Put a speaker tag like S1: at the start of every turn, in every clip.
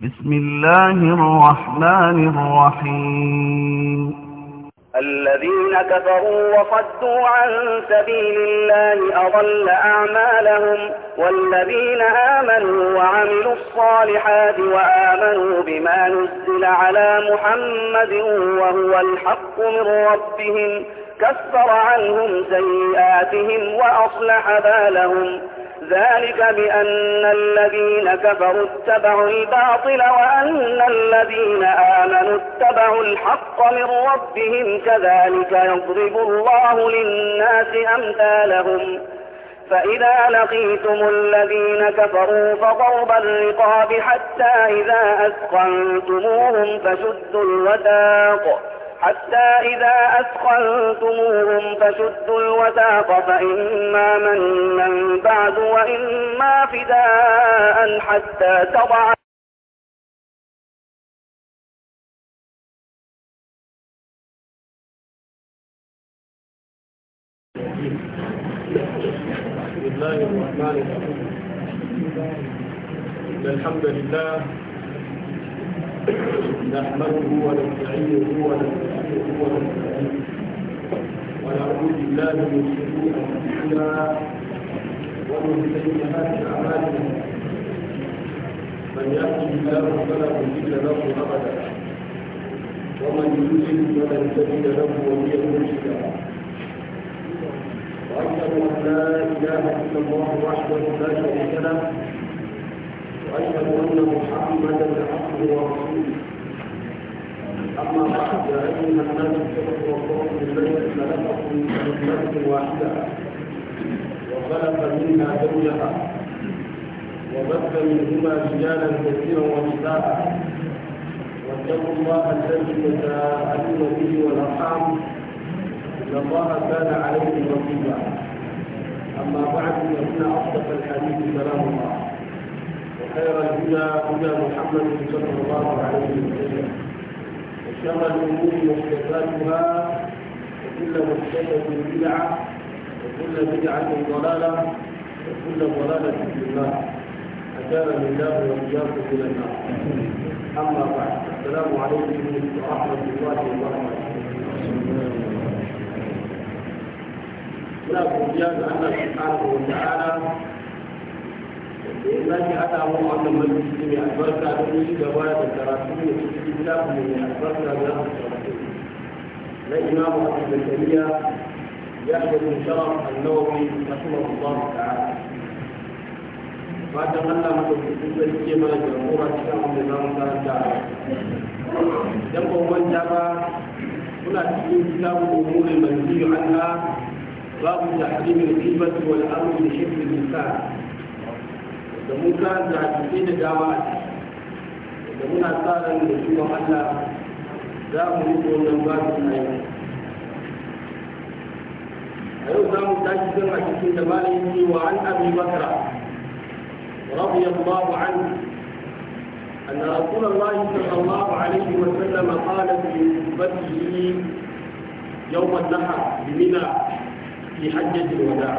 S1: بسم الله الرحمن الرحيم
S2: الذين كفروا وصدوا عن سبيل الله أضل أعمالهم والذين آمنوا وعملوا الصالحات وآمنوا بما نزل على محمد وهو الحق من ربهم كفر عنهم سيئاتهم وأصلح بالهم ذلك بأن الذين كفروا اتبعوا الباطل وأن الذين آمنوا اتبعوا الحق من ربهم كذلك يضرب الله للناس أمثالهم فإذا لقيتم الذين كفروا فضرب الرقاب حتى إذا أثقلتموهم فشدوا الوثاق حتى إذا أثقلتموهم فشدوا الوثاق فإما من من بعد
S3: وإما فداء حتى تضع بسم الله الرحمن الرحيم الحمد لله
S1: نحمده ونستعينه ونستغفره ونستهديه ونعوذ بالله من شرور انفسنا ومن سيئات اعمالنا من يهده الله فلا مضل له ابدا ومن يضلل فلن تجد له وليا مرشدا واشهد ان لا اله الا الله وحده لا شريك له واشهد ان محمدا عبده ورسوله اما بعد يا ايها الناس اتقوا ربكم الذي خلقكم من نفس واحده وخلق منها زوجها وبث منهما رجالا كثيرا ونساء واتقوا الله الذي تساءلون به والارحام ان الله كان عليكم رقيبا اما بعد فان اصدق الحديث كلام الله خير الهدى هدى محمد صلى الله عليه وسلم وشر الامور محدثاتها وكل محدثه بدعه وكل بدعه ضلاله وكل ضلاله في النار اجارني الله واياكم الى النار اما بعد السلام عليكم ورحمه الله وبركاته لا بد أن Allah subhanahu da eh, ya zaki haɗa mu wannan majalisi mai albarka don yi gaba da karatu da cikin littafin mai albarka za mu karatu na imamu abu da tariya ya da bin sharaf annawawi rahimahullahu fatan Allah mu da cikin mana jagora cikin abin za mu karanta idan ba manta ba muna cikin kitabu umuri manziyu Allah, babu tahrimin ghibati wal amri da hifdhi lisan da mun karanta hadisai da dama da muna sa ran da shi wa Allah za mu yi wannan babu na
S2: yau a yau za mu tashi kan hadisin da malam yi wa an abi bakra رضي الله عنه أن رسول الله صلى الله عليه وسلم قال في خطبته يوم النحر بمنى في حجة الوداع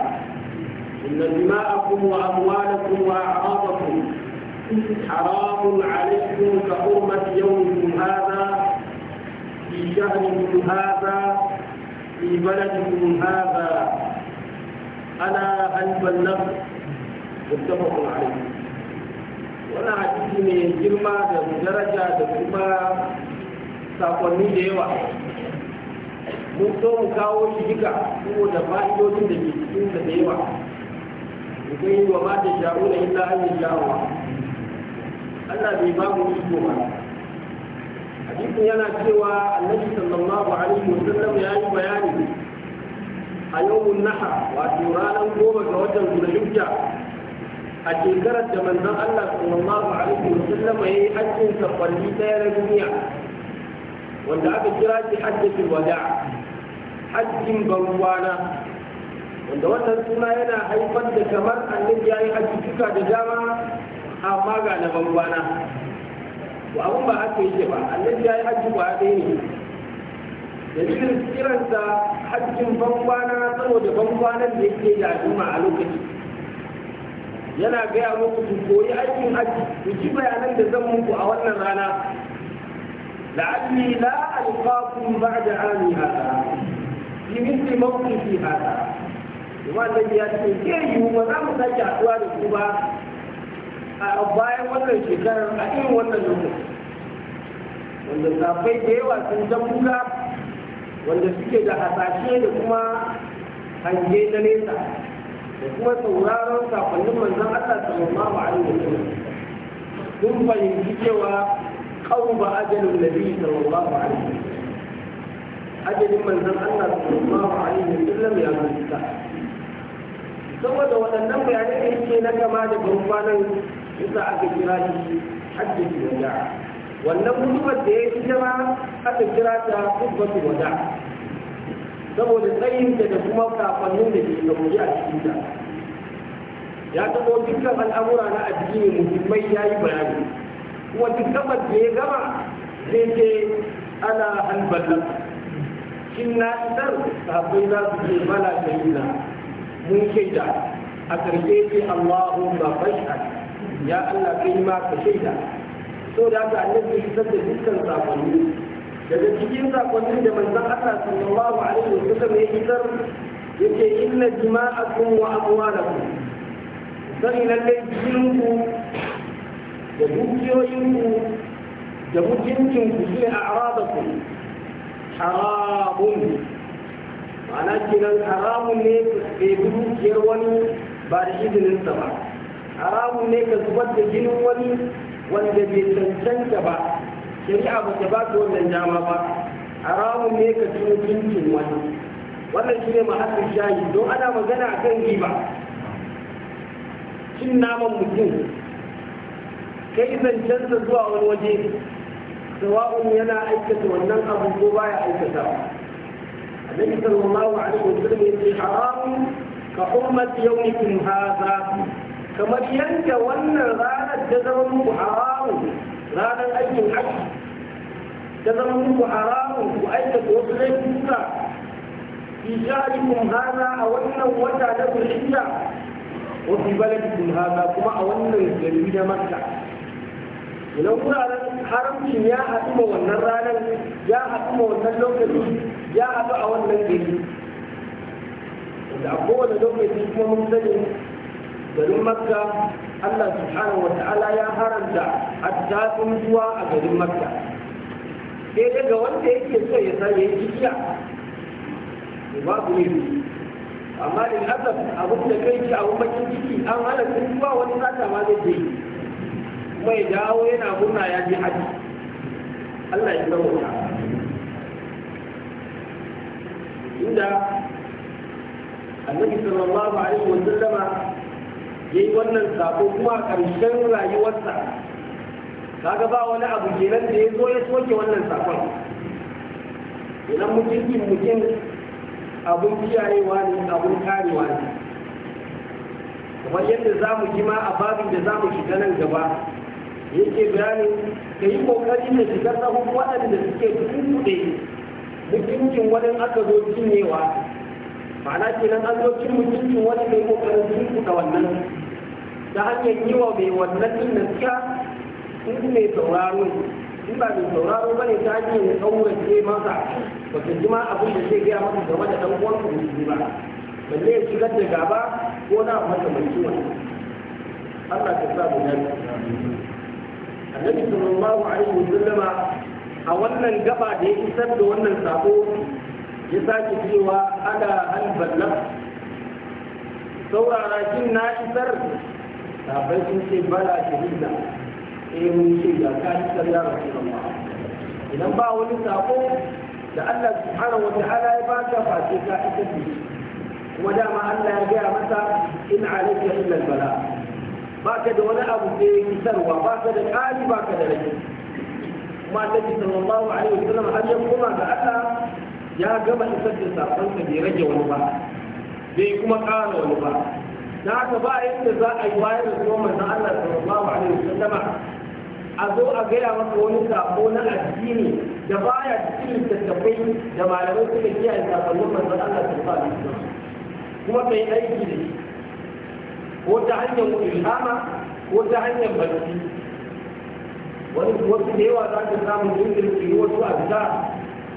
S2: إن دماءكم وأموالكم وأعراضكم حرام عليكم كحرمة يومكم هذا في شهركم هذا في بلدكم هذا أنا أنت النفس متفق عليه ولا hadisi ne girma درجة daraja da kuma sakonni da yawa mun so mu kawo shi duka saboda fa'idodin da ke cikin da yawa kai wa ma ta sha'una illa an yi sha'awa Allah bai ba mu iko ba hadisin yana cewa annabi sallallahu alaihi wa sallam ya yi bayani a yawun naha wato ranar goma ga watan zulhijja a shekarar da manzon Allah sallallahu alaihi wa sallam ya yi hajjin sabbali ɗaya na duniya wanda aka kira shi hajjatul wada hajjin ban kwana wanda wannan suna yana haifar da kamar annabi ya yi hajjuka da dama amma ga na bambana wa abun ba haka yake ba annabi ya yi hajji ba ɗaya ne dalilin kiransa hajjin bambana saboda bambanan da yake da al'umma a lokaci yana gaya muku ku koyi aikin hajji ku ji bayanan da zan muku a wannan rana la'alli la alqakum ba'da ami hada fi mithli mawqifi hada wannan ya ce ke yiwu ba za mu sake haɗuwa da ku ba a bayan wannan shekarar a irin wannan lokaci wanda zafai da yawa sun zabuka wanda suke da hasashe da kuma hange na nesa da kuma sauraron sakonnin manzon Allah sallallahu alaihi wa sallam sun fahimci cewa qawba ajalun nabi sallallahu alaihi wa sallam ajalin manzon Allah sallallahu alaihi wa sallam ya mutu saboda waɗannan bayanai da yake na gama da gurbanan isa aka kira shi hajjin wada wannan mutuwar da ya yi ma aka kira ta kubbatu wada saboda tsayin da da kuma kafannin da ke gaboji a cikin ta ya taɓo dukkan al'amura na addini muhimmai ya yi bayani kuma dukkan da ya gama zai ce ana halbatar shin na isar sahabbai za su ce mana ta yi na mun shaida a ƙarshe ce Allahumma fashhad ya Allah kai ma ka shaida so da haka annabi ya da dukkan sakonni daga cikin sakonnin da manzon Allah sallallahu alaihi wasallam ya isar yake inna dima'akum wa amwalakum sani lallai jikinku da dukiyoyinku da mutuncinku shi a aradakum haramun Ana kenan haramun ne bai bi dukiyar wani ba da sa ba haramun ne ka zubar da jinin wani wanda bai cancanta ba shari'a ba ta ba ta wannan dama ba haramun ne ka ci mutuncin wani wannan shi ne mahallin shayi don ana magana a kan giba cin naman mutum kai zancensa zuwa wani waje sawa'un yana aikata wannan abu ko baya aikata النبي صلى الله عليه وسلم يقول حرام كحرمة يومكم هذا كما ينجى وانا رانا تزرمك حرام رانا أي الحج تزرمك حرام وأنت توصلين كذا في شهركم هذا أو أنه وجع لكم الحجة وفي بلدكم هذا كما أو أنه يجري مكة idan wuraren haramcin ya haɗu ma wannan ranar ya haɗu ma wannan lokaci ya haɗu a wannan gari da a kowane lokaci kuma mun sani garin makka allah subhanahu wa ta'ala ya haramta attafin zuwa a garin makka sai daga wanda yake so ya sa ya yi kiya babu ne amma da hasab abin da kai ci a bakin ciki an hana zuwa wani sata ma zai yi. mai dawo yana murna ya ji haji Allah ya tsawo inda annabi sallallahu alaihi wa sallama yayi wannan sako kuma karshen rayuwarsa kaga ba wani abu kenan da ya zo ya soke wannan sakon idan mutumin mutum abun kiyayewa ne abun karewa ne kamar yadda za mu ji ma a babin da za mu shiga nan gaba yake bayani ka yi kokari da shigar sahun waɗanda suke tuɗe mutuncin wani aka zo cinyewa ma'ana nan an zo cin mutuncin wani mai kokarin tuntuɗa wannan ta hanyar yi wa mai wannan na gaskiya in mai sauraro in ba mai sauraro ba ne ta hanyar ya ce masa wata jima abin da zai gaya masa game da ɗan uwansa musulmi ba balle ya shigar da gaba ko na masa mai ciwon Allah ta sa mu dace annabi sallallahu alaihi wasallam a wannan gaba da ya isar da wannan sako ya sake cewa ada hal ballag saurara shin na isar sabai sun ce bala shahida eh mun ce ga ka isar ya rasulullah idan ba wani sako da Allah subhanahu wata'ala ya baka face ka isar da shi kuma dama Allah ya gaya masa in alayka illa bala ba ka da wani abu da ya sarwa ba ka da ƙari ba ka da rage kuma ta ki sallallahu alaihi wasallam har ya koma ga aka ya gama isar da sakon ka bai rage wani ba bai kuma ƙara wani ba da haka ba yadda za a yi wayar da kuma manzon Allah sallallahu alaihi wasallama a zo a gaya maka wani sako na addini da baya cikin tattafai da malamai suka kiyaye sakonnin manzon Allah sallallahu alaihi wasallam kuma kai aiki da shi ko ta hanyar ilhama ko ta hanyar barci wani wasu da yawa za ka samu jirgin kiri wasu azza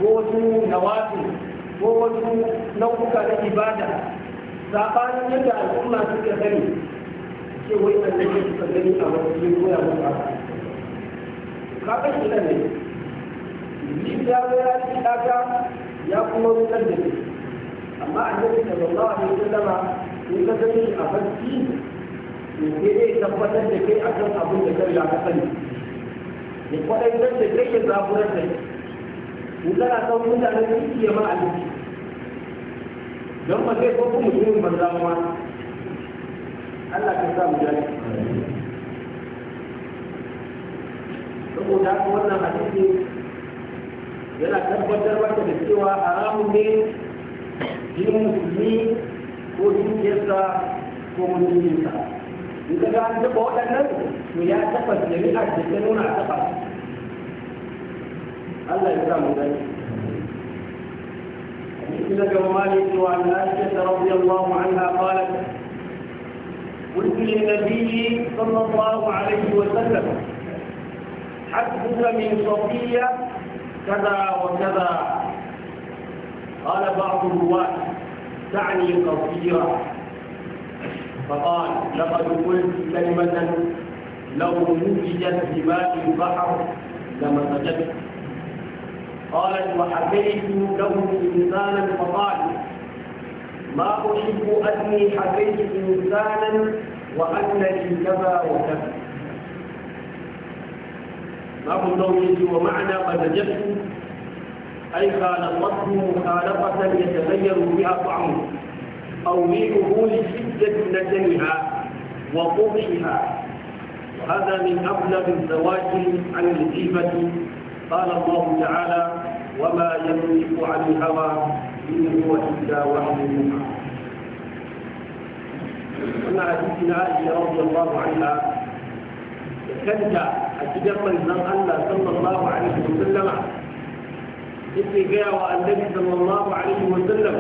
S2: ko wasu nawafi ko wasu nau'uka na ibada sabanin yadda al'umma suka gani ce wai su suka gani a wani koya musu ka ga shi ne ya ya kuma rutar da ni amma annabi sallallahu alaihi wasallama in ka gani a kan barci to ke dai tabbatar da kai kan abin da kai ya ka sani ya kwaɗaitar da kai ya zaburar da kai in kana kan mutanen kirki ya ma a jiki don ba zai ko kuma mutumin banza kuma Allah ka sa mu jani saboda haka wannan hadisi yana tabbatar maka da cewa haramun ne jin musulmi ko dukiyarsa ko mutuncinsa in ka ga an taɓa waɗannan to ya taɓa shari'a da ta nuna a taɓa Allah ya sa عائشة رضي الله عنها قالت قلت للنبي صلى الله عليه وسلم حدث من صفية كذا وكذا قال بعض الرواة تعني قصيرة فقال لقد قلت كلمة لو نتجت بماء البحر لما سجدت قالت وحكيت له إنسانا فقال ما أحب أني حكيت إنسانا وأنني كذا وكذا ما قلت ومعنى قد جبت أي خالطته مخالطة يتغير بها طعمه أو ريحه لشدة نتنها وقبحها وهذا من أبلغ الزواج عن الغيبة قال الله تعالى وما يملك عن الهوى إن هو إلا وحي يوحى أن حديثنا عائشة رضي الله عنها كنت أتجمل من الله صلى الله عليه وسلم إذن جاء النبي صلى الله عليه وسلم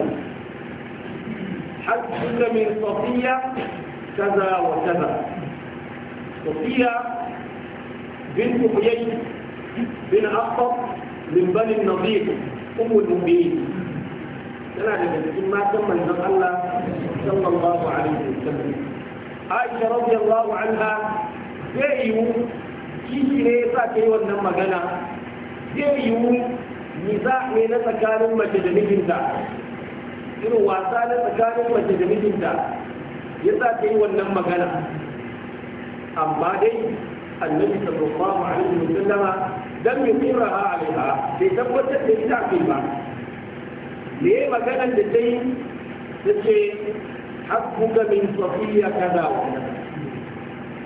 S2: حد كل من صفية كذا وكذا صفية بنت حيي بن أخطر من بني النظيف أم المؤمنين أنا أعرف ما تم من صلى الله عليه وسلم عائشة رضي الله عنها جاء يوم كيف يريد أن يكون هناك مجانا جاء يوم nisa ne na tsakanin mace da mijinta irin wasa na tsakanin mace da mijinta ya sa ta yi wannan magana amma dai annabi sallallahu alaihi wa sallama dan ya tsira ha alaiha sai tabbatar da ita kai ba me maganar da ta yi ta ce hakkuka min safiya kaza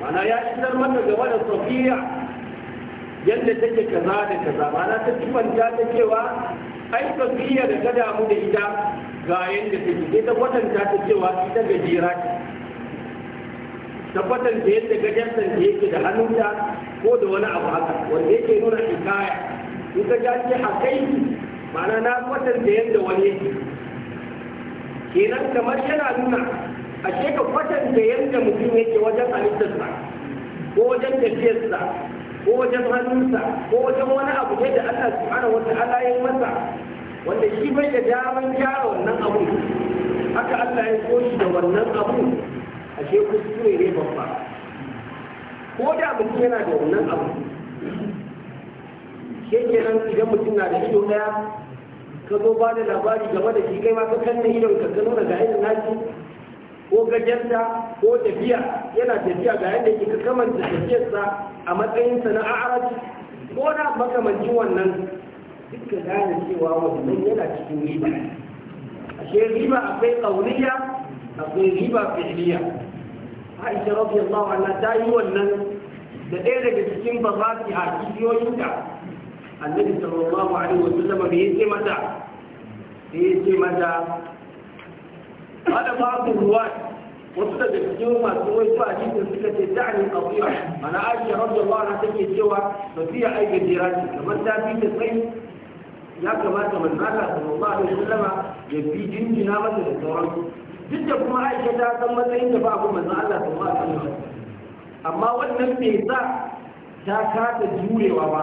S2: ana ya isar mata gaba da safiya yadda take kaza da kaza mana ta kimanta ta cewa ai biya da ta damu da ita ga yadda take sai ta kwatanta ta cewa ita gajera ce ta kwatanta yadda gajarsan ta yake da hannunta ko da wani abu haka wanda yake nuna hikaya in ka ja ce a kai ma'ana na kwatanta yadda wani yake kenan kamar yana nuna ashe ka kwatanta yadda mutum yake wajen halittarsa ko wajen tafiyarsa ko wajen hannunsa ko wajen wani abu ne da Allah subhanahu wa ta'ala ya masa wanda shi bai da daman gyara wannan abu haka Allah ya so shi da wannan abu ashe kuskure ne babba ko da mutum yana da wannan abu ke kenan idan mutum na da ido daya ka zo ba da labari game da shi kai ma ka kanna idon ka gano daga irin nashi ko gajenta ko tafiya yana tafiya ga yadda yake kamanta tafiyarsa a matsayinsa na a'arab ko na makamancin wannan duka gane cewa wannan yana cikin riba ashe riba akwai kauniya akwai riba fi'liya Aisha radiyallahu anha ta yi wannan da ɗaya daga cikin babati a kiyoyinta annabi sallallahu alaihi wasallam sallama bai yace mata bai mata hada babu ruwa wasu daga cikin masu wai su hadisin suka ce ta ne kafira mana aisha radiyallahu anha take cewa ba su tafiya ai gajera ce kamar ta fi ta tsayi ya kamata manzo Allah sallallahu alaihi wasallam ya fi jinjina masa da sauransu duk da kuma aisha ta san matsayin da babu manzo Allah sallallahu alaihi wasallam amma wannan bai sa ta kasa jurewa ba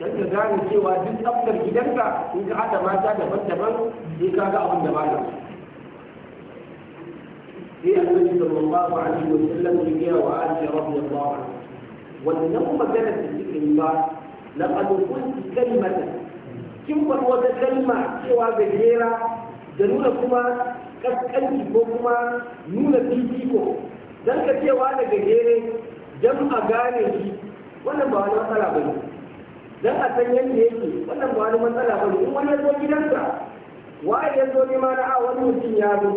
S2: don ka gane cewa duk tsaftar gidanka in ka haɗa mata daban-daban sai ka ga abin da ba da su في النبي صلى الله عليه وسلم هي وعائشة رضي الله عنها والنقمة كانت في الله لقد قلت كلمة kin faɗi wata kalma cewa gajera da nuna kuma kaskanci ko kuma nuna fifiko don ka cewa da gajere don a gane shi wannan ba wani matsala ba ne don a san yadda yake wannan ba wani matsala ba ne in wani ya zo gidansa waye ya zo nema a wani mutum ya zo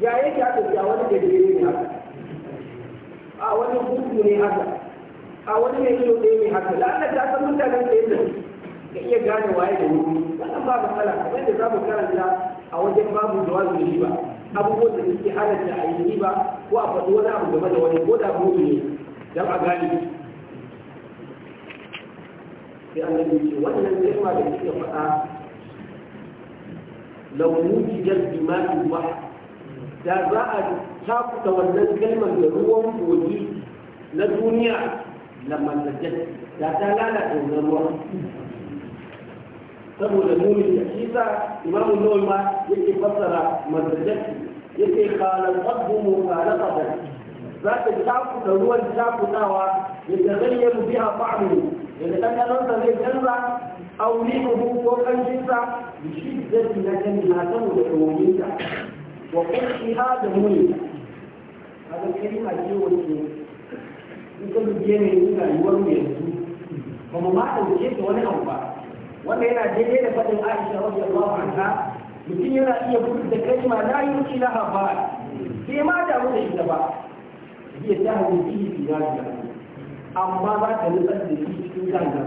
S2: ya yake aka biya wani da gare ne haka a wani hutu ne haka a wani ne ido ɗaya ne haka la'alla ta san mutane da yin ka iya gane waye da wuri wannan ba matsala kamar da za mu karanta a wajen babu jawabi da ba abubuwan da suke halatta a yi ba ko a faɗi wani abu game da wani ko da mutu ne don a gane sai annabi ce wannan ni'ima da suka faɗa law mujidal bima'in wahid da za a tafuta wannan kalmar da ruwan kogi na duniya na mallajen da ta lalata
S1: wannan ruwan saboda mumin da shi
S2: sa imamu nawai ma yake fassara mallajen yake khalaqatu mukhalaqatan za ta tafuta ruwan tafutawa ya tagayyaru biha ba'du daga ɗanɗanonsa zai canza aure ko ko ƙanshinsa da shi zai na kan na saboda ɗoyinta wa kushiha da muni kaga kalma ce wacce in ka dubiye ne in rayuwar mu yanzu ba mu ma dauke ta wani abu ba wanda yana daidai da fadin Aisha radiyallahu mutum yana iya furta kalma la yuki laha ba sai ma damu da ba zai ta hawo bihi fi rajiya amma za ka nutsar da shi cikin ganga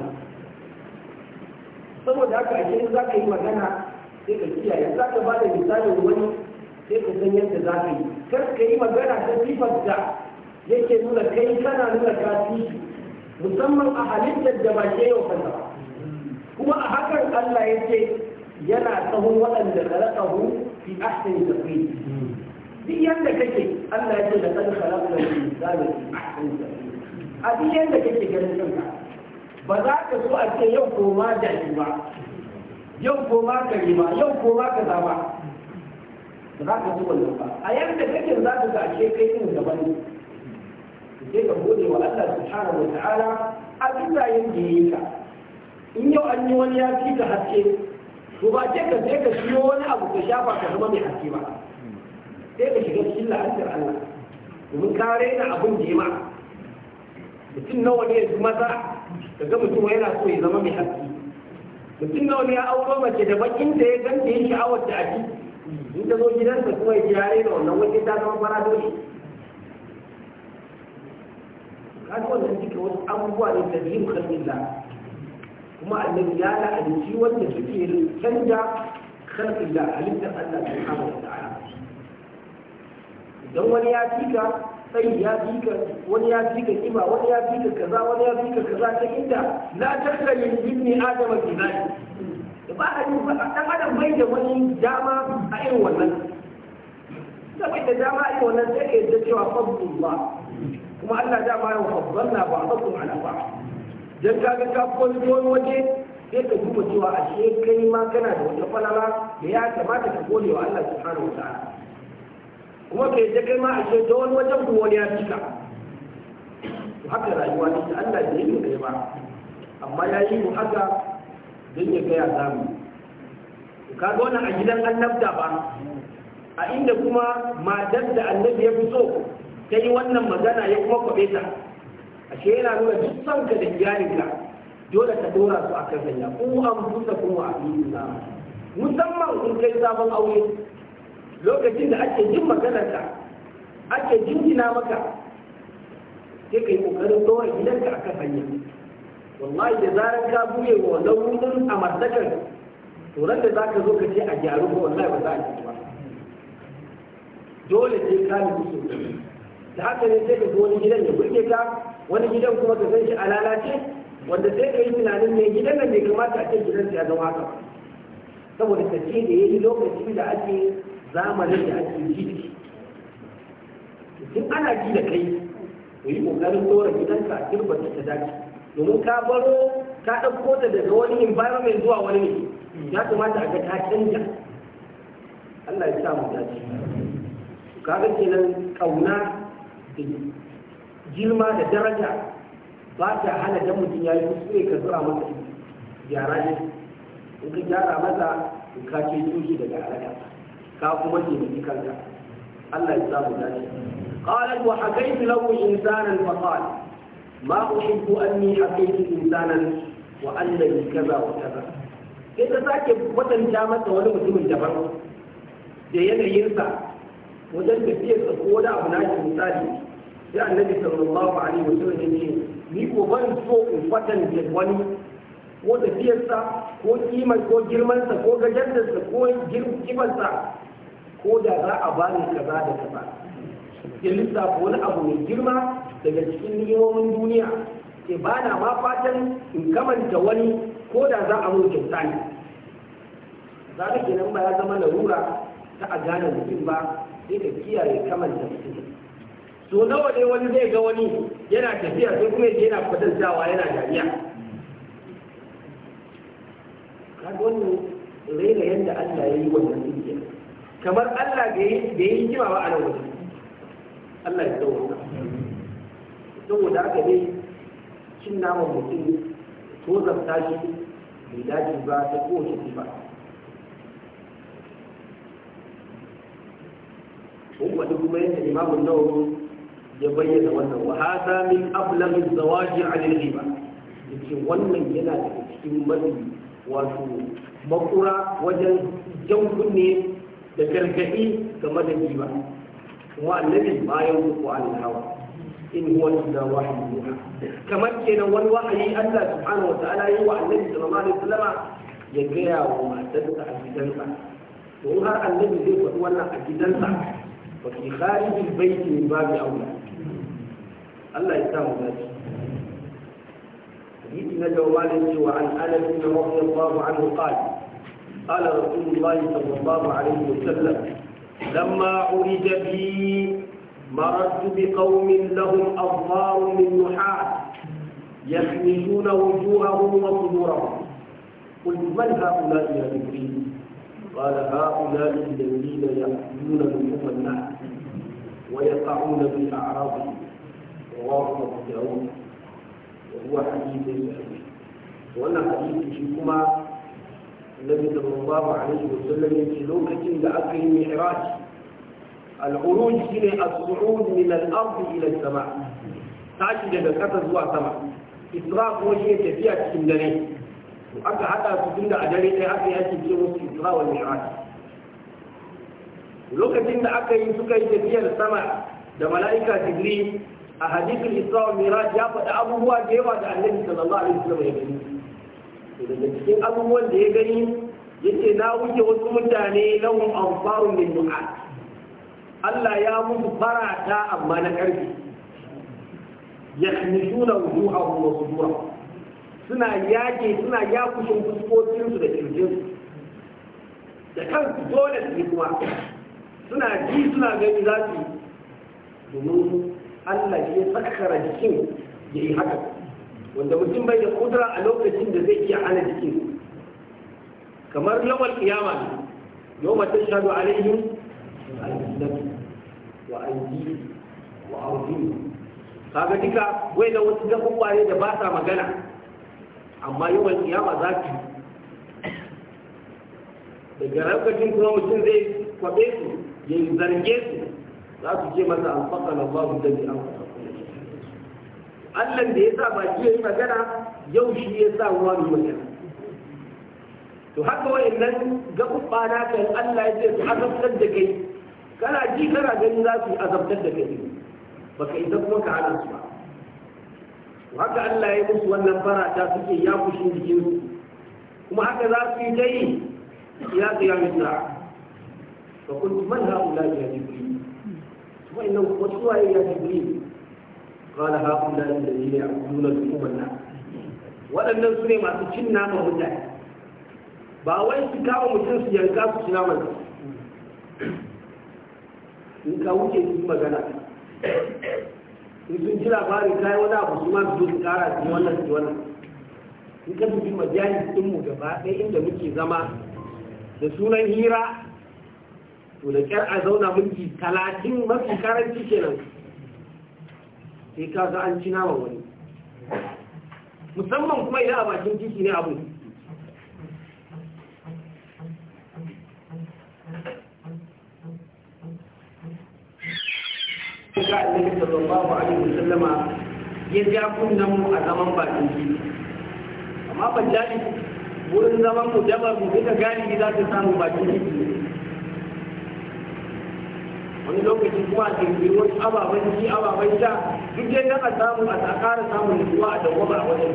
S2: saboda haka ake za ka yi magana sai ka kiyaye za ka ba da misalin wani sai ka san yadda za ka yi kar ka yi magana ta sifar da yake nuna kai kana nuna kafi musamman a halittar da ba ke yau kansa kuma a hakan Allah ya ce yana tsawon waɗanda khalaqahu fi ahsan taqwim duk yadda kake Allah ya ce da kan khalaqahu fi ahsani taqwim a duk yadda kake ganin kanka ba za ka so a ce yau koma da ba yau koma ka ba yau koma ka zama za ka ji wannan ba a yanda kake za ka ga kai din da ne sai ka gode wa Allah subhanahu wa ta'ala a bisa yanda yayi ka in yau an yi wani ya fi ka haske to ba ce ka je ka siyo wani abu ka shafa ka zama mai haske ba sai ka shiga cikin la'antar Allah domin ka raina abin jima mutum nawa ne yanzu maza ka ga mutum yana so ya zama mai haske mutum nawa ne ya auro mace da bakin da ya ganta yin sha'awar da a in ta zo gidansa kuma ya yare da wannan wajen ta zama fara doshi kaga wannan duka wasu abubuwa ne da yin da, kuma annabi ya abinci wanda suke canja da halittar Allah kama da ta'ala idan wani ya fika sai ya fika wani ya fika kima wani ya fika kaza wani ya fika kaza ta inda na tattalin jinni adama ke zalika ba a yi dan adam bai da wani dama a irin wannan da bai da dama a irin wannan sai ka yadda cewa fadlullah kuma Allah da ma ya na ba fadlun ala ba dan ka ga ka wani waje sai ka duba cewa ashe kai ma kana da wata falala da ya kamata ka gode wa Allah subhanahu wa ta'ala kuma ka yadda kai ma a ce ta wani wajen kuma wani ya cika haka rayuwa ne Allah bai yi da ya ba amma ya yi mu haka don ya gaya zamu ka ga wannan a gidan annabta ba a inda kuma matar da annabi ya fi so ta yi wannan magana ya kuma kwabe ta ashe yana nuna duk sanka da iyalinka dole ka dora su a kan hanya ko an fusa kuma a biyu na musamman in kai sabon aure lokacin da ake jin ka ake jinjina maka sai ka yi ƙoƙarin dora gidanka a kan hanya wallahi da zarar ka buye wa wannan wurin martakar to ran da zaka zo ka ce a gyaru ko wallahi ba za a yi ba dole sai ka nufi su da haka ne sai ka zo wani gidan ya burge ka wani gidan kuma ka san shi a lalace wanda sai ka yi tunanin mai gidan nan bai kamata a ce gidan ya zama haka saboda ce da ya yi lokaci da ake zamanin da ake ji duk ana ji da kai ko yi ƙoƙarin ɗora gidanka a girbata ta dace domin ka baro ka ɗauko ta daga wani environment zuwa wani ne ya kamata a ga ta canja Allah ya sa mu dace ga kenan kauna da girma da daraja ba ta hana dan mutum yayi ne ka zura masa gyara ne in ka gyara masa in ka ce tushe daga alaƙa. ka kuma taimaki kanka Allah ya sa mu dace قالت وحكيت له إنسانا فقال ma uhibbu anni haqiqi insanan wa annani kaza wa kaza sai ta sake kwatanta masa wani mutumin daban da yanayinsa wajen tafiyarsa ko da abu na shi misali sai annabi sallallahu alaihi wasallam ya ce ni ko ban so in kwatanta wani ko sa, ko kimar ko sa, ko gajardarsa ko kibarsa ko da za a bani kaza da kaza ya lissafa wani abu mai girma daga cikin ni'imomin duniya ke ba na ma fatan in kamanta wani ko da za a mulkin kyauta ne za ka nan ba ya zama larura ta a gane mutum ba sai ka kiyaye kamanta mutum so nawa ne wani zai ga wani yana tafiya sai kuma yake yana kwatantawa yana dariya kaga wannan raina yadda Allah ya yi wannan dukiya kamar Allah bai yi kima ba a nan wajen Allah ya dawo saboda aka dai cin naman mutum ko zarta shi bai dace ba ta kowace sifa wani kuma yadda imamun nawawi ya bayyana wannan wa hada min ablaghi zawaji an al yace wannan yana daga cikin mafi wato makura wajen jan kunne da gargadi game da ghiba هو النبي ما ينطق عن الهوى ان هو الا وحي يوحى كما كان والوحي الله سبحانه وتعالى يوحى النبي صلى الله عليه وسلم يجيا وما تنفع تدفع بدنك وها النبي زي فتولى بدنك وفي خارج البيت من باب اولى الله يسامح ذلك حديث نجوى وعن انس رضي الله عنه قال قال رسول الله صلى الله عليه وسلم لما عرج بي مررت بقوم لهم أظهار من نحاس يخنجون وجوههم وصدورهم قلت من هؤلاء يا جبريل قال هؤلاء الذين
S1: يأكلون لحوم
S2: الناس ويقعون في أعراضهم
S1: رواه أبو داود وهو حديث صحيح وأنا حديث فيكما النبي صلى الله عليه وسلم في لوكه
S2: لاكل المعراج الخروج هنا الصعود من الارض الى السماء تاجد دقه زوا سماء اطراف وجهه كثيره في الليل وأكا حتى تكون أجلي إيه أكي أكي في وسط إسراء والمعراج لوكا تند أكا يسوكا يتبيع السماء دا ملائكة تبريد أحاديث الإسراء والمعراج يابد أبو هو جيوة عن النبي صلى الله عليه وسلم يبريد daga cikin abubuwan da ya gani yace na wuce wasu mutane lahum anfarun min du'at Allah ya mutu barata amma na karfi yakhmishuna wujuhahum wa sudurahum suna yaƙi suna yakushin fuskokin su da kirjin da da kansu dole su kuma suna ji suna gani za su domin Allah ya sakara jikin ya yi haka wanda mutum bai da kudura a lokacin da zai iya hana jikin kamar lawal kiyama ne yau mata shaɗu alaihim wa aiki wa arzini kaga duka wai da wasu gaɓuɓɓa ne da ba sa magana amma yau mai kiyama za ki daga rankacin kuma mutum zai kwaɓe su ya zarge su za su ce masa alfaƙa na babu da bi an Allah da ya sa shi ya yi magana yau shi ya sa
S1: ruwa mai magana
S2: to haka wayannan gaɓuɓɓa na kan Allah ya ce su azabtar da kai kana ji kana gani za su azabtar da kai baka isa kuma ka hana su ba haka Allah ya musu wannan farata suke ya kushin su, kuma haka za su yi dai ya tsaya mita fa kun man haula ya jibri kuma inna wasu waye ya jibri قال هؤلاء الذين يأكلون لحوم الناس waɗannan su ne masu cin nama mutane ba wai su kama mutum su yanka su ci nama in ka wuce su magana in sun ji labarin kayan wani abu su ma su su kara su wannan su wannan in ka dubi majalis inda muke zama da sunan hira to a zauna minti talatin mafi karanci kenan sai ka ga an ci nama wani musamman kuma idan a bakin titi ne abu ga babu sallallahu alaihi wasallama ya ja kunnan mu a zaman bakin kiki amma ban wurin zaman mu dabar mu duka gani za ta samu bakin titi wani lokacin kuma a kirkiri wani ababen ci ababen sha duk dai na a samu a ƙara samun nutsuwa a dawwama a wajen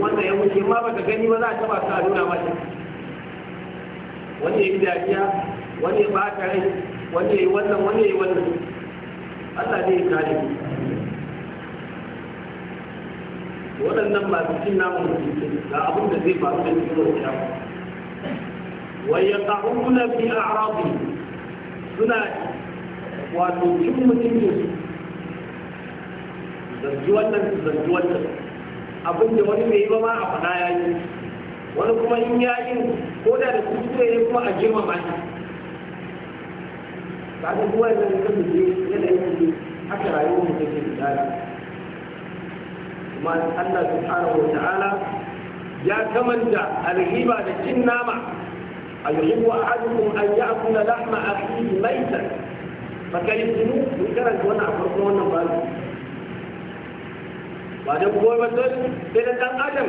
S2: wanda ya wuce ma baka gani ba za a taba ka nuna mata wani ya yi dariya wani ya bata rai wani ya yi wannan wani ya yi wannan Allah ne ya kare mu waɗannan masu cin namun da suke ga abin da zai faru da cikin wata wai ya ta'una a a'rabi suna wato cin mutuncin su zargi wannan su zargi wannan abin da wani mai yi ba ma a faɗa ya yi wani kuma in ya yi ko da da kuma ya yi kuma a girmama shi ba da kuma yadda da kan je yanayin su haka rayuwar mu take da kuma Allah subhanahu wa ta'ala ya kamanta alhiba da cin nama أيحب أحدكم أن يأكل لحم أخيه ميتا فكلمتني ذكرت وأنا أفرقه وأنا بالي ba da kuwa ba don sai da ɗan adam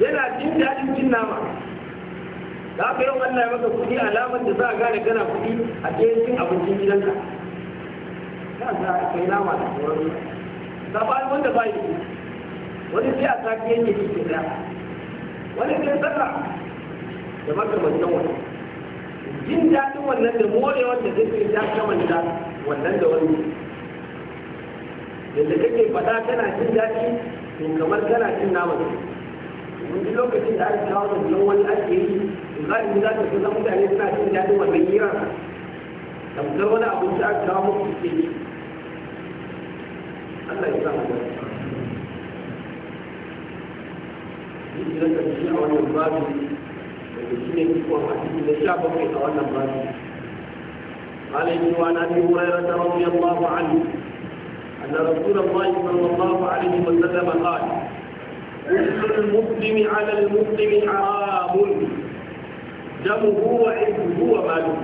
S2: yana jin daɗin cin nama da aka yau Allah ya maka kuɗi alamar da za a gane gana kuɗi a ɗayan abincin gidanka ka sa kai nama da wanda ba yi wani a sake yanke ke ɗaya wani da makamantan wani jin daɗin wannan da more wanda zai ya kamanta wannan da wani yadda kake faɗa kana jin daɗi to kamar kana jin Mun wani lokacin da aka kawo da wani ake yi in za ka fi zan mutane suna jin daɗin wannan hira tamkar wani da aka kawo muku ke yi
S1: Allah ya sa mu dace. Yi jiran ƙarshe a wani babu
S2: قال ابن وعن ابي هريره رضي الله عنه ان رسول الله صلى الله عليه وسلم قال كل المسلم على المسلم حرام دمه وعزه وماله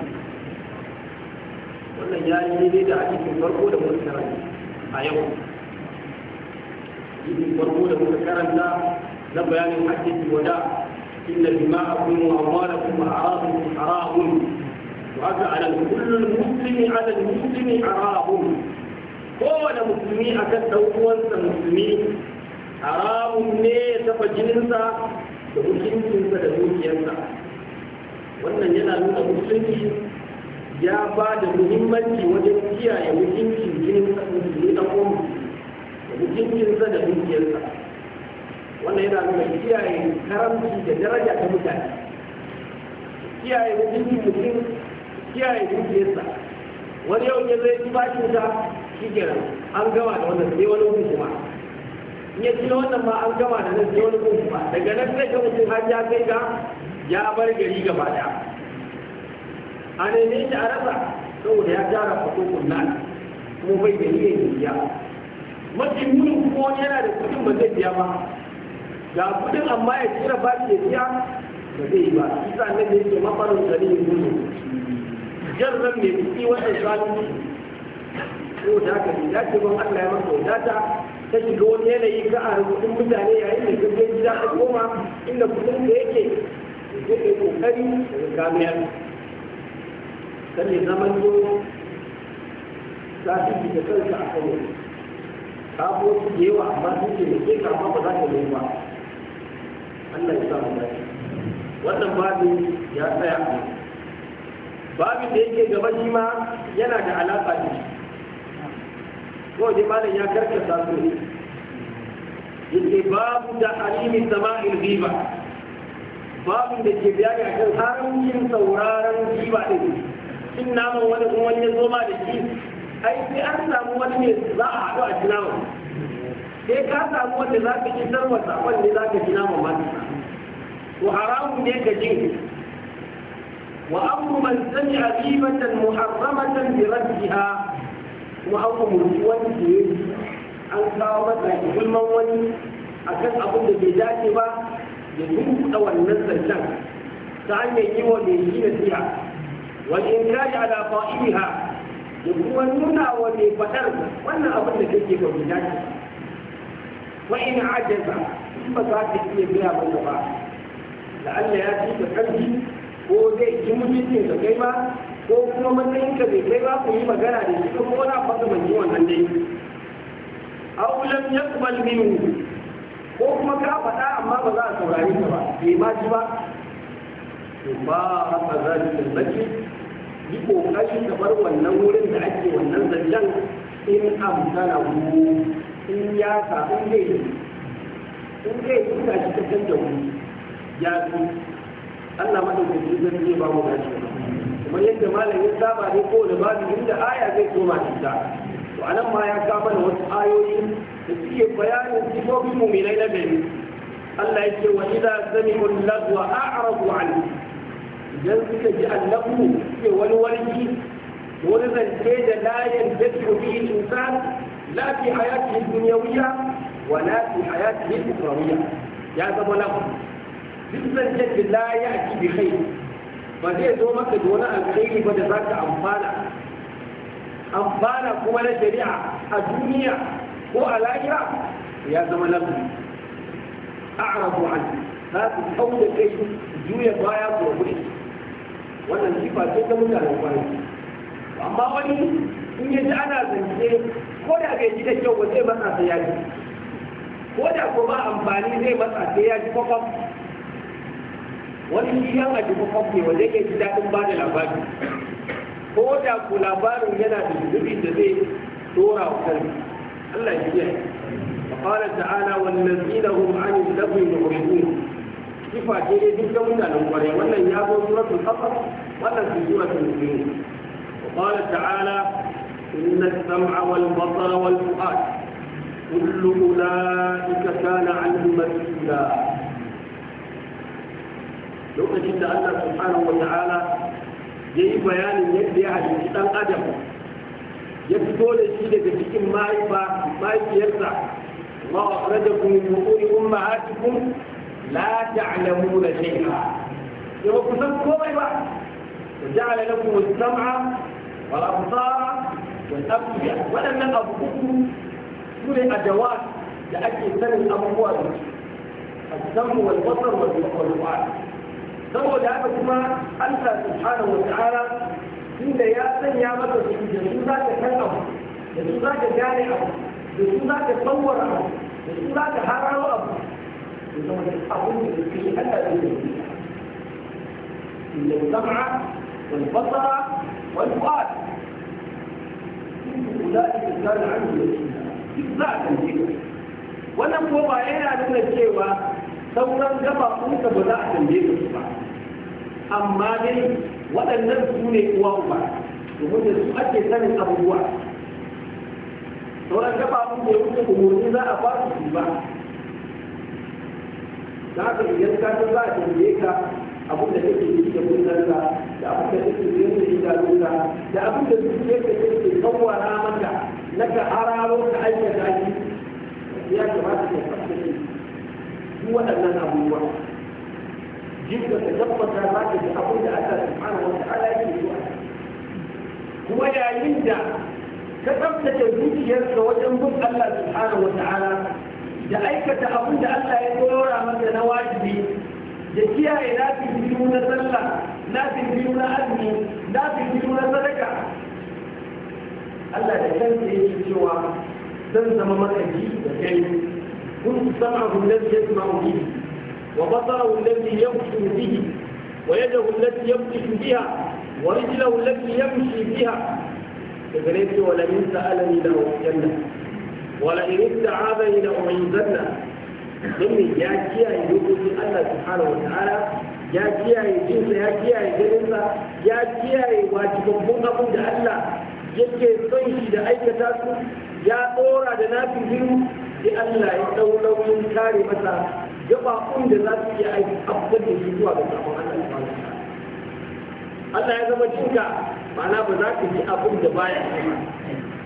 S2: والايام التي تعجبك مرقوده مذكرا ايوه مرقوده مذكرا لا لم يعني الحديث الوداع إن دماءكم وأموالكم وأعراضكم حرام وأجعل كل المسلم على المسلم حرام kowane musulmi a kan ɗan'uwansa musulmi haramun ne ya taɓa jininsa da mutuncinsa da dukiyarsa wannan yana nuna musulunci ya ba da muhimmanci wajen kiyaye mutuncin jininsa, da mutuncinsa da dukiyarsa wannan yana nuna kiyaye karamci da daraja ta mutane kiyaye mutuncin mutum kiyaye dukiyarsa wani yau ya zai ci bashin sa shi kenan an gama da wannan sai wani wani kuma in ya ci wannan ma an gama da nan sai wani wani kuma daga nan sai ga mutum har ya kai ga ya bar gari gaba daya a nemi shi a rasa saboda ya tara fato kunna kuma bai da niyyar ya mutum munin ko yana da kudin ba zai biya ba ga kudin amma ya cire ba ke biya ba zai yi ba sa nan da yake mafarin gari ne gudu jan zan mai biki wannan zalunci ko da ka ne dace ban Allah ya masa wadata ta shiga wani yanayi ka a rubutun mutane yayin da gaggiyar gida ta koma inda kudin da yake zai ke kokari da kamiyar kan ne zaman zo za su da kansa a kan wani kafin da yawa amma sun ce da ke kama ba za ka yi ba Allah ya samu dace wannan babin ya tsaya a babin da yake gaba shi ma yana da alaƙa da shi ko dai malam ya karkata su ne yake babu da alimi sama'il ghiba babin da ke bayani akan haramcin sauraron ghiba din Shin naman wani kuma wani ya zo ma da shi ai sai an samu wani ne za a haɗu a cin sai ka samu wanda za ka ji sarwa sakon ne za ka ji naman mata to haramun ne ka ji wa amru man sami abibatan muharramatan bi raddiha wa amru wanda ya an kawo masa gulman wani akan abin da bai dace ba ya duka wannan zancen ta hanyar yi wa mai yi nasiha wani in kaji ala fa'iha da kuma nuna wa mai faɗar wannan abin da kake ba bai dace ba wa in ajaza ba za ka iya biya masa ba da Allah ya fi ka ƙarfi ko zai ji mutuncin ka kai ba ko kuma matsayin ka bai kai ba ku yi magana da shi kuma wani abu ka manci wannan dai aw lam yaqbal minhu ko kuma ka faɗa amma ba za a saurare ka ba bai ma ji ba ba a fazalin baki yi kokari ka bar wannan wurin da ake wannan zancen in amsana mu. in ya samu zai yi in zai yi ta shi cikin da wuri ya fi Allah madaukakin zai zai ba mu gashi kuma yadda malam ya saba ne ko da babu inda aya zai koma shi ta to anan ma ya kama da wasu ayoyi da suke bayanin sifofin mu'minai na gari Allah ya yake wa idza sami'u lagwa a'radu anhu idan suka ji annabu suke wani warki wani zance da la yantafi bihi insan لا في حياته الدنيوية ولا في حياته الأخروية يا زما له جدا جد لا يأتي بخير فزي زو مكة دون الخير بدا ذاك أنفانا أنفانا كما لا شريعة الدنيا هو الآخرة يا زما له أعرضوا عنه هذا أول شيء جوية بايا وبريد wannan sifa ce ta mutanen kwarai amma wani in ya ji ana zance ko da bai ji da kyau ba zai matsa sai ya ji ko da ko ba amfani zai matsa sai ya ji kwakwam wani shi yan ji kwakwam ne wanda yake ji daɗin ba da labari ko da ko labarin yana da zubi da zai dora wa kan Allah ya ji فقال تعالى والذين هم عن اللغو معرضون sifa ce dai duk da mutanen kwarai wannan ya zo suratul qasas wannan suratul mu'minun wa qala ta'ala إن السمع والبصر والفؤاد كل أولئك كان عنه مسؤولا لو تجد أن سبحانه وتعالى جاي بيان يدي على الإنسان قدم يقول الشيء الذي يمكن ما يبا ما يبيرسا الله أخرجكم من بطون أمهاتكم لا تعلمون شيئا يقول لكم كوبا وجعل لكم السمع والأبصار والأبوية ولم أن
S3: أبوكم
S2: كل أدوات لأجل سن الأموال الدم والبطر والبطر دم والعابة ما أنت سبحانه وتعالى إن يا سن يا مدر يسو ذاك كلمه يسو ذاك جانعه يسو ذاك صوره يسو ذاك حرره أبو يسو ذاك أبوه يسكي ألا يسكي إن الدمع والبطر والبطر أولئك كان عنه يسير لا تنجيه wannan ko ba yana nuna cewa sauran gaba kuka ba za a tambaye su ba amma dai waɗannan su ne uwa uba domin da su ake sanin abubuwa sauran gaba kun da wuce umarni za a ba su ba za ka idan ka za a tambaye ka abin da take yi da kusanka da abin da take yi da idanunka da abin da duk yadda take kawara maka na ka hararo ka aikata shi ya kamata ka tsaftace duk waɗannan abubuwa jinka ka tabbata za ka ji abin da Allah subhanahu wa ala yake so kuma yayin da ka tsaftace zuciyarka wajen bin Allah subhanahu wa ta'ala da aikata abin da Allah ya koyar maka na wajibi ya kiyaye lafin biyu na sallah lafin biyu na azumi lafin biyu na sadaka Allah da kansa yake cewa zan zama makaji da kai kun sam'ahu alladhi yasma'u bihi wa basarahu alladhi yabsuru bihi wa yadahu allati yabtishu biha wa rijluhu allati yamshi biha فقلت ولئن سألني لأعطينه ولئن استعاذني لأعيذنه don ya kiyaye dokokin Allah subhanahu wa ta'ala ya kiyaye jinsa ya kiyaye ganinsa ya kiyaye wajibabbun abin da Allah yake son shi da aikata su ya tsora da nafi biyu sai Allah ya dau nauyin kare masa gabakun da za su iya aiki abubuwan da shi zuwa ga sabon Allah subhanahu wa ta'ala Allah ya zama jinka ma'ana ba za ka ji abin da baya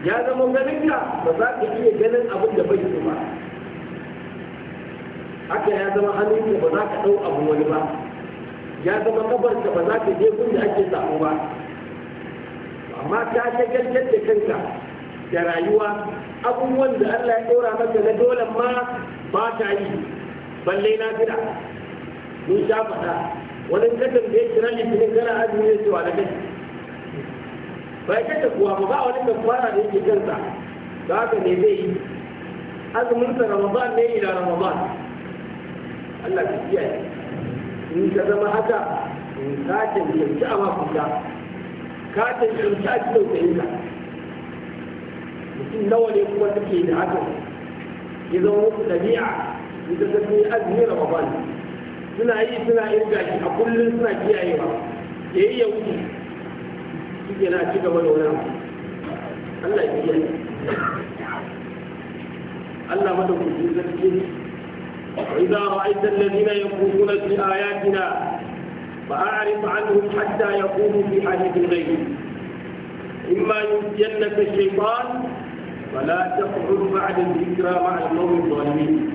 S2: ya zama ganinka ba za ka iya ganin abin da bai su ba haka ya zama hannun da ba za ka ɗau abu wani ba ya zama ka ba za ka je kun da ake samu ba amma ka shagaltar da kanka da rayuwa abubuwan da Allah ya ɗora maka na dole ma ba ta yi balle na fira mun sha faɗa wani kadan da ya kira cikin kana azumi ya ce wa na kai ba ya kace kuwa ba ba wani fara da yake kansa da haka ne zai yi azumin sa ramadan ne ila ramadan Allah ka kiyaye in ka zama haka in ka cancanci a mafuta ka cancanci a cikin ka mutum nawa ne kuma take da haka ya zama musu ɗabi'a in ka zafi sun yi azumi ramadan suna yi suna irga shi a kullum suna kiyayewa ya yi ya wuce shi ke na ci gaba da wani abu Allah ya kiyaye Allah madaukakin gaskiya وإذا رأيت الذين يقومون في آياتنا فأعرف عنهم حتى يقوموا في حديث الغيب إما ينسينك الشيطان فلا تقعد بعد الذكرى مع القوم الظالمين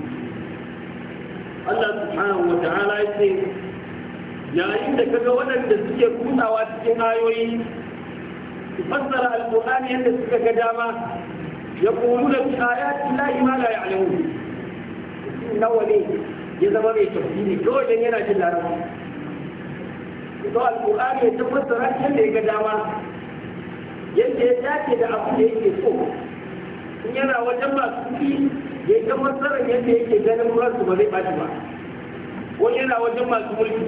S2: الله سبحانه وتعالى يقول يا إنك كون الذي يكون أواتيها يوين تفسر القرآن يدسك كدامة يقولون في آيات الله ما لا يعلمون mutum nawa ne ya zama mai ne kawai dan yana jin larabci to alqur'ani ya tabbatar da ya ga dama yadda ya dace da abu da yake so in yana wajen masu kuɗi ya ga yadda yake ganin ransu ba zai ɓaci ba ko yana wajen masu mulki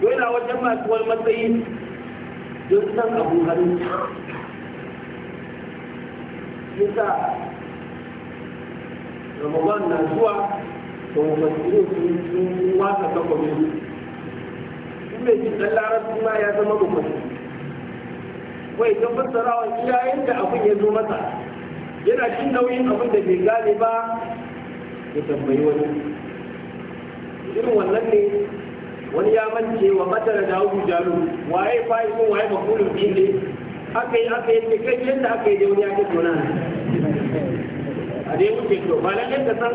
S2: ko yana wajen masu wani matsayi
S1: don san abu hannu yasa ramadan na zuwa to masu sun wasa kafa mai
S2: Su mai jin dan larabci ma ya zama bukatu wai don fassarawa iya yadda abin ya zo masa yana cin nauyin abin da bai gane ba ya tambayi wani irin wannan ne wani ya mance wa matara da hau jalo waye fayi ko waye makulun din ne aka yi aka yi kai yadda aka yi da wani ya ke tona a dai wuce to ba lalle ka san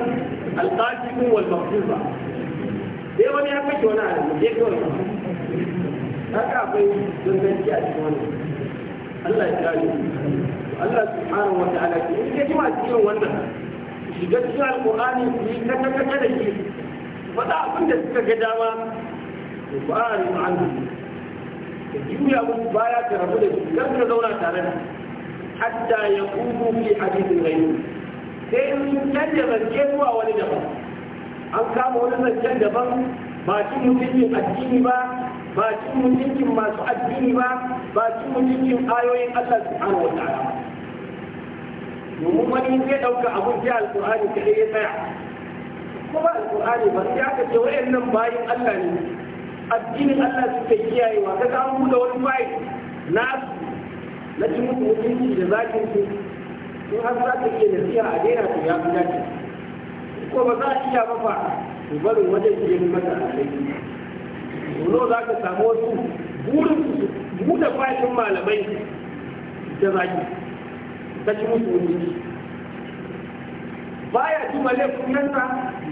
S2: alqasimu wal maqsuba sai wani ya kashe wani alamu je kawai haka akwai danganci a cikin wani Allah ya kare Allah subhanahu wa ta'ala ki in ka ji ma cikin wannan shiga cikin alqur'ani ki kaka kaka da shi faɗa abin da suka ga dama to ba a yi ma'anu ka juya musu baya ka rabu da shi kar ka zauna tare da hatta ya kubu fi hadisin gaibu sai in sun canja zance zuwa wani daban an kama wani zancen daban ba cin mutuncin addini ba ba cin mutuncin masu addini ba ba cin mutuncin ayoyin Allah subhanahu wa ta'ala domin wani zai ɗauka abun ji alqur'ani kadai ɗaya, tsaya kuma Alƙur'ani ba sai aka ce wayannan bayin Allah ne addinin Allah suke kiyayewa ka samu da wani bayin na na cin mutunci da zakin su in har za ka iya nasiha a daina to ya fi dace ko ba za a iya ba fa to barin wajen ke yi masa alai zo za ka samu wasu burin su buɗe fashin malamai da zaki ta ci musu wani ya duba laifinansa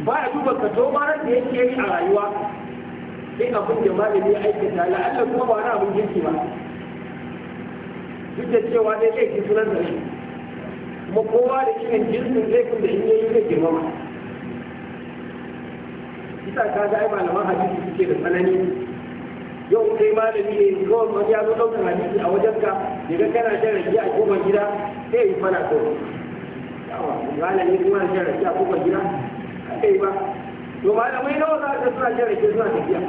S2: ya duba ka tobarar da yake yi a rayuwa sai abin da malami ya aikata la'alla kuma ba na abin girki ba duk da cewa dai laifin sunan da shi kuma kowa da irin jinsin laifin da in yayi zai girmama isa ka ga ai malaman hadisi suke da tsanani yau kai malami ne kawai wani ya zo ɗaukar hadisi a ne daga kana shan rage a kofar gida sai yi fana kawai yawa malami kuma na shan rage a kofar gida kai ba to malamai nawa za ka suna shan rage suna tafiya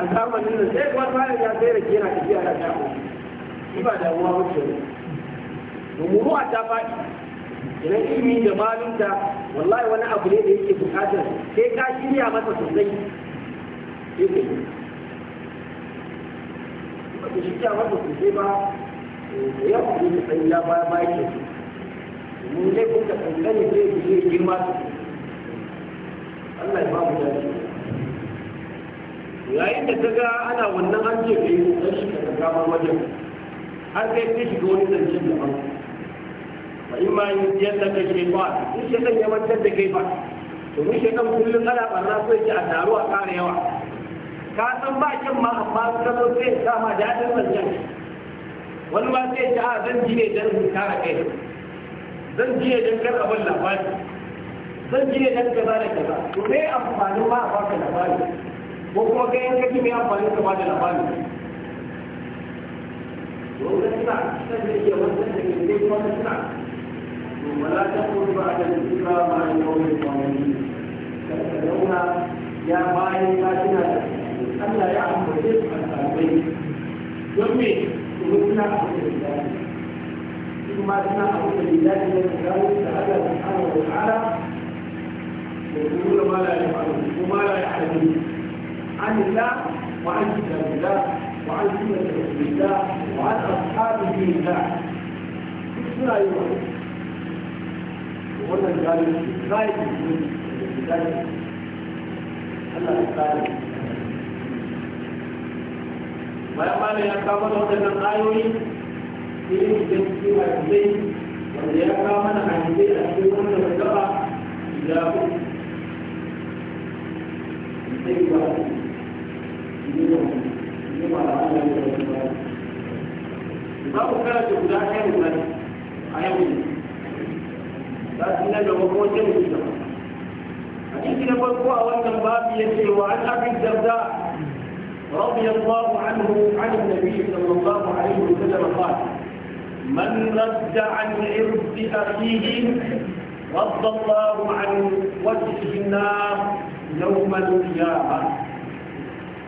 S2: a zamanin nan sai kuma malami ya sai na yana tafiya da shafi shi ba damuwa wuce ne domin ruwa ta faɗi idan ilimi da malunta wallahi wani abu ne da yake bukatar sai ka shirya masa sosai sai ka yi ba ka shirya masa sosai ba da yawa ne ka sanya baya baya ke mu ne kun ka kankani zai fi yi girma su. Allah ya ba mu dace yayin da ta ga ana wannan an ce kai dan shi ka kama wajen har kai sai shiga wani zancen ba ba in ma yadda ka ke ba in shaitan yi mantar da kai ba domin kan kullum ana barna so yake a taro a ƙara yawa ka san ba kin ma amma ka zo sai ya sama daɗin zancen wani ma sai ya a zan ji ne don kare kai zan ji ne dan kar abin labari zan ji ne dan kaza da kaza to me amfanin ma a baka labari ko kuma kai yanka ji me amfanin ka ba da labari
S1: وهو تسمع تدري وتدري اليك وتسمع ولا تقل بعد الذكرى مع القوم الظالمين تسالون يا ما تنادى فاتنا لا يعرف الرزق الخالقين يمي ومثلنا اعوذ بالله ثم اتنا اعوذ بالله من الكلام تعالى سبحانه وتعالى يقولون ما لا يفعل وما لا يعلم عن الله وعن كتاب الله وعن سنة رسول الله وعن أصحابه الله لا يوجد وقلنا قال لا يوجد لذلك الله تعالى
S2: ويقال إن كامل وجدنا الآيوي
S1: في جنس وعزين وإذا كامل عزين أشيرون وجبع إلى أبو يجب على أن يكون
S2: babu karanta guda ɗaya ne ba a yau ne za su nan gaba kuma ce mutu da a cikin na farko a wannan babu ya ce wa an abin darda
S1: رضي الله عنه عن النبي صلى الله عليه وسلم قال من رد عن عرض اخيه رد
S2: الله عن وجهه النار يوم القيامه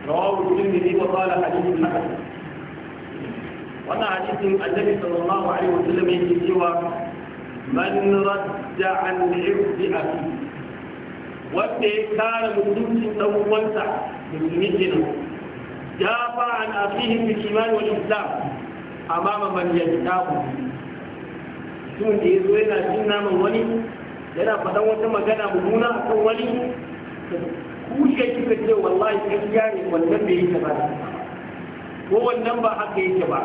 S2: رواه الترمذي وقال حديث حسن wannan hadisin annabi sallallahu alaihi wa sallam yake cewa man radda an irdi abi wanda ya kare mutuncin dan uwansa musulmi kenan jafa an akhihi bil iman wal islam amama man yajtabu tun da yazo yana jin naman wani yana faɗan wata magana mummuna akan wani kushe kika ce wallahi gaskiya ne wannan bai yake ba ko wannan ba haka yake ba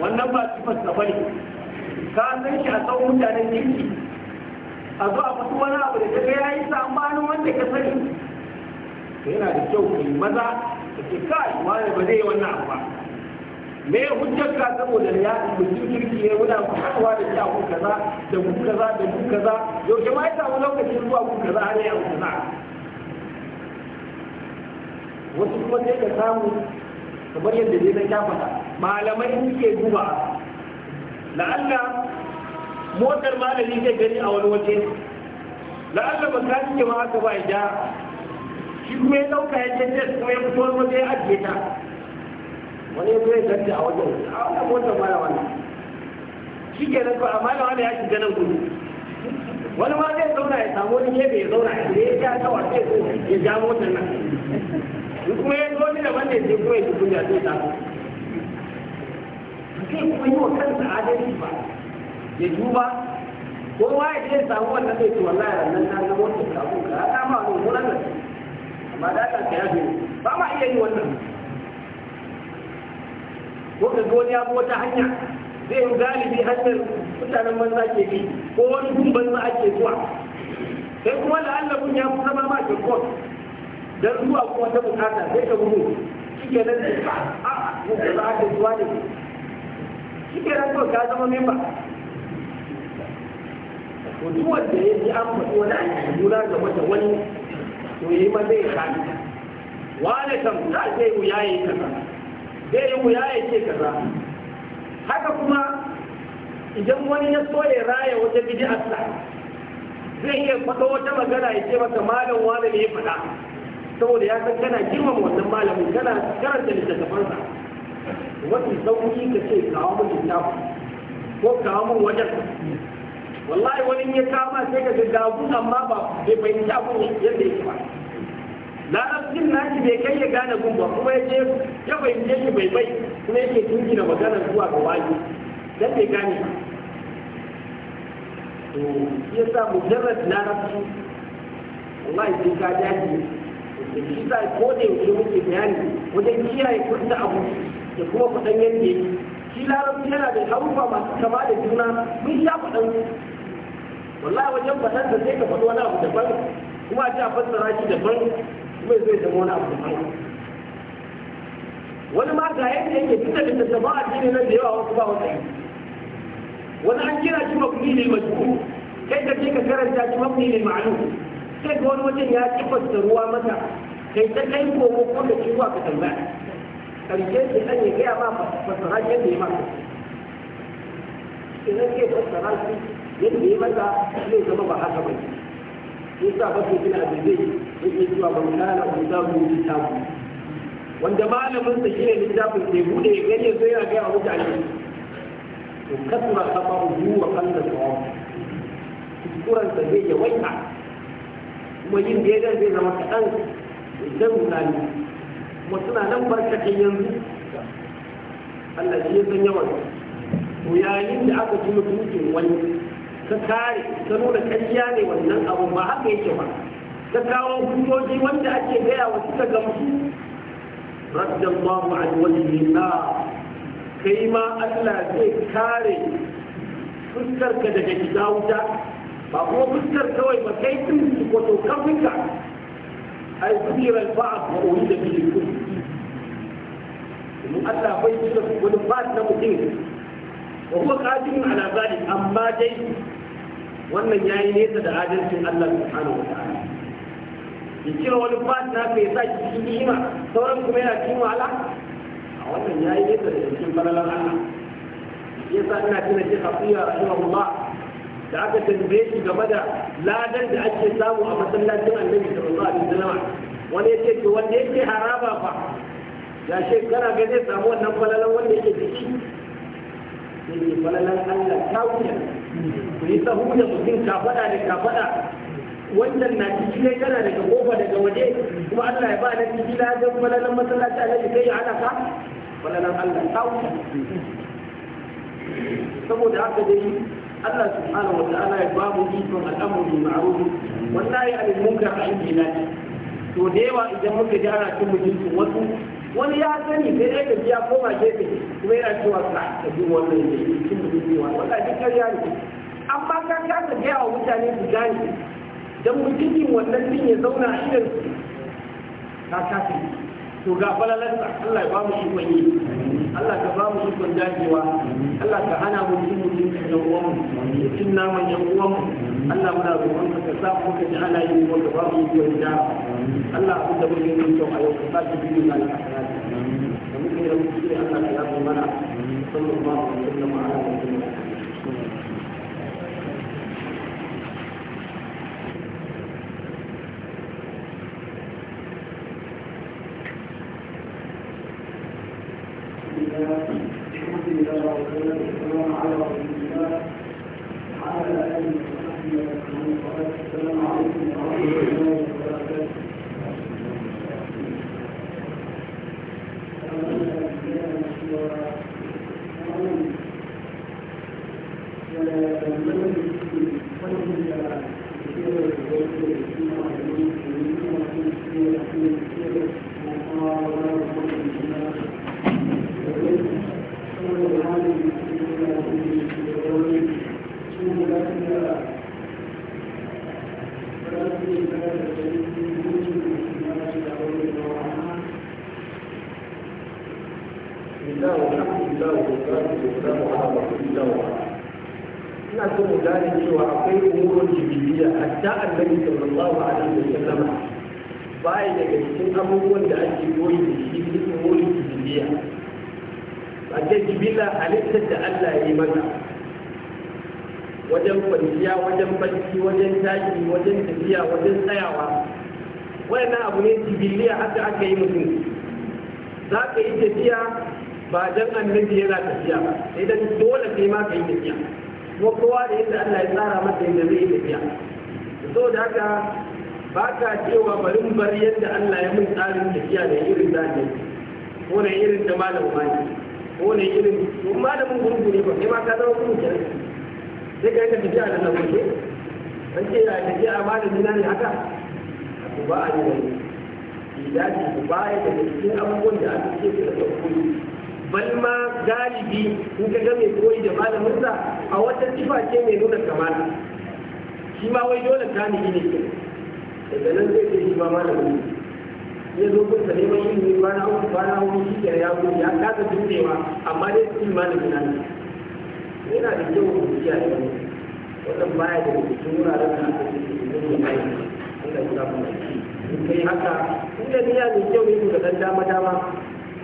S2: wannan ba sifar sa bane ka san shi a tsawon mutanen kirki a zo a mutu wani abu da kaga yayi sabanin wanda ka sani yana da kyau kai maza ka ce kai wani ba zai yi wannan abu ba me ya hujjar ka saboda ya mutum kirki ne muna fadawa da shi a kun kaza da ku kaza da ku kaza yaushe ma ya samu lokacin zuwa kun kaza har ya abu kaza wasu kuma sai ka samu kamar yadda zai na kyafata malamai suke duba la'alla motar malami zai gani a wani waje la'alla ba ka suke ma aka ba ja shi kuma ya dauka ya canje kuma ya fito wani waje ya ajiye ta wani ya zai ganta a wajen a wannan motar malamai ne shi ke nan kuma a malamai ya shiga nan gudu wani ma zai zauna ya samu wani gefe ya zauna ya ja kawai sai ya ja motar nan in kuma ya zo ni da wanda ya kuma ya ji kunya zai ta zai kuma yi wa kansa adalci ba ya duba ko kowa ya je samu wannan zai ci wallahi ranar na zama wata kafin ka ya kama a rumfunan nan amma da aka ya zo ba ma iya yi wannan ko ka zo ya wata hanya zai yi galibi hanyar mutanen banza ke bi ko wani gun banza ke zuwa sai kuma la'allahun ya fi zama ma ke kotu don zuwa kuma ta bukata zai ka gudu shi ke nan da a da za ka zuwa ne shi ke nan kuma ka zama memba to duk wanda ya ji an faɗi wani aiki juna ga mata wani to yi ma zai kani wane kam za zai wuya ya yi kaza zai yi wuya ya ce kaza haka kuma idan wani ya so ya raya wata bidiyarsa zai iya faɗo wata magana ya ce masa malam wani ne ya faɗa saboda ya san kana girmama wannan malamin kana karanta littattafansa wani sauki ka ce kawo min littafi ko kawo min wajen wallahi wani ya kama sai ka gaggabu amma ba bai fahimci abun yadda yake ba larabcin naki bai kai ya gane gumba ba kuma ya ce ya fahimce shi bai bai kuma yake na magana zuwa ga wani dan bai gane ba to yasa mujarrad larabci wallahi sai ka jaji da shi sa ko da yake muke bayani wajen kiyaye kuɗin abu da kuma kuɗin yadda yake shi larabci yana da harufa masu kama da juna mun sha faɗan wallahi wajen faɗan da zai ka faɗi wani abu daban kuma a ce a fassara shi daban kuma zai zama wani abu daban wani ma ga yadda yake duk da jama'a addini nan da yawa wasu ba wata yi wani an kira shi mabni ne majhul kai ka ce ka karanta shi mabni ne ma'lum sai ga wani wajen ya kifasta ruwa mata kai ta kai kogo ko da shi zuwa ka tambaya karshe shi ɗan ya gaya ba fasara yadda ya mata idan ke fasara shi yadda ya mata zai zama ba haka ba ne sa ba su gina da zai yake zuwa ba mu lana ku za mu yi tabu wanda malamin sa shine littafin sai bude ya gani sai ya gaya mutane to kasura kafa ubu wa kallon sawa kuskuren sa zai yawaita kuma yin da ya zai zama kaɗan zan misali kuma suna nan barkatai yanzu Allah shi ya san yawan to yayin da aka ci mutuncin wani ka kare ka nuna kariya ne wannan abu ba haka yake ba ka kawo hujjoji wanda ake gaya wa suka gamsu radiyallahu wani wajhi na kai ma Allah zai kare fuskarka daga gida wuta ba kuma fuskar kawai ba kai su din wato kafinka ai kubira ba'd wa da bihi kull mun Allah bai shi da wani ba'd na mutum wa huwa qadirun ala zalik amma dai wannan yayi nesa da adalcin Allah subhanahu wa ta'ala ya wa wani ba'd na kai sa ki cikin ni'ima sauran kuma yana cikin wahala a wannan yayi nesa da cikin falalar Allah yasa ina tuna shi hafiya rahimahullah da aka tambaye shi game da ladan da ake samu a masallacin annabi sallallahu alaihi wasallam wani ya ce to wanda yake haraba fa ya shekara ga zai samu wannan falalan wanda yake ciki sai ne falalan Allah ta wuya ku yi sahu da mutum kafada da kafada wannan na ciki ne kana daga kofa daga waje kuma Allah ya ba na ciki ladan falalan masallacin annabi sai ya hana ka falalan Allah ta wuya saboda haka dai Allah subhanahu wa ta'ala ya babu ikon al'amuru bil ma'ruf wallahi anil munkar a injina to da yawa idan muka ji ana cin mutuncin wasu wani ya sani sai dai ka biya koma gefe kuma yana cewa ka
S1: ka ji wannan ne cin mutuncin wa
S2: wallahi duk ƙarya ne amma ka kasa gaya wa mutane su gani dan mutuncin wannan din ya zauna a idan ka kasa to ga falalarsa Allah ya bamu shi wani Allah ka ba mu ikon dajewa Allah ka hana mu cin da ɗan uwan mu cin naman ɗan uwan mu Allah muna roƙon ka sa
S1: mu ka ji ana yin wanda ba mu ikon da Allah abin da muke yin kyau a yau ka sa ki biyu na al'akari da muke yin kyau Allah ka yafe mana sallallahu alaihi wa sallam
S2: za ka yi tafiya ba jan annabi yana tafiya ba sai dole kai ma ka yi tafiya kuma kowa da yadda Allah ya tsara masa yadda zai yi tafiya da haka ba ka cewa bari mu bar yadda Allah ya mun tsarin tafiya da irin da ne ko da irin da malam ne ko da irin mun malamin gurguri ba kai ma ka zama gurguri sai ka yi tafiya da nan kuke an ce ya tafiya malamin na ne haka ba a yi dace su baya daga cikin abubuwan da aka ce su da koyi bal ma galibi in ka ga mai koyi da malamin a wata sifa ce mai nuna kamala shi ma wai dole ta ni ne ke daga nan zai ce shi ma malamin ya zo kun sane mai ilimi ba na uku ba na uku shi ya zo ya kasa jurewa amma dai su malamin nan yana da kyau mu kiyaye wannan baya daga cikin wuraren da aka ce su ne mai aiki Allah ya kula mu da shi kai haka in da niyya mai kyau ne da dan dama dama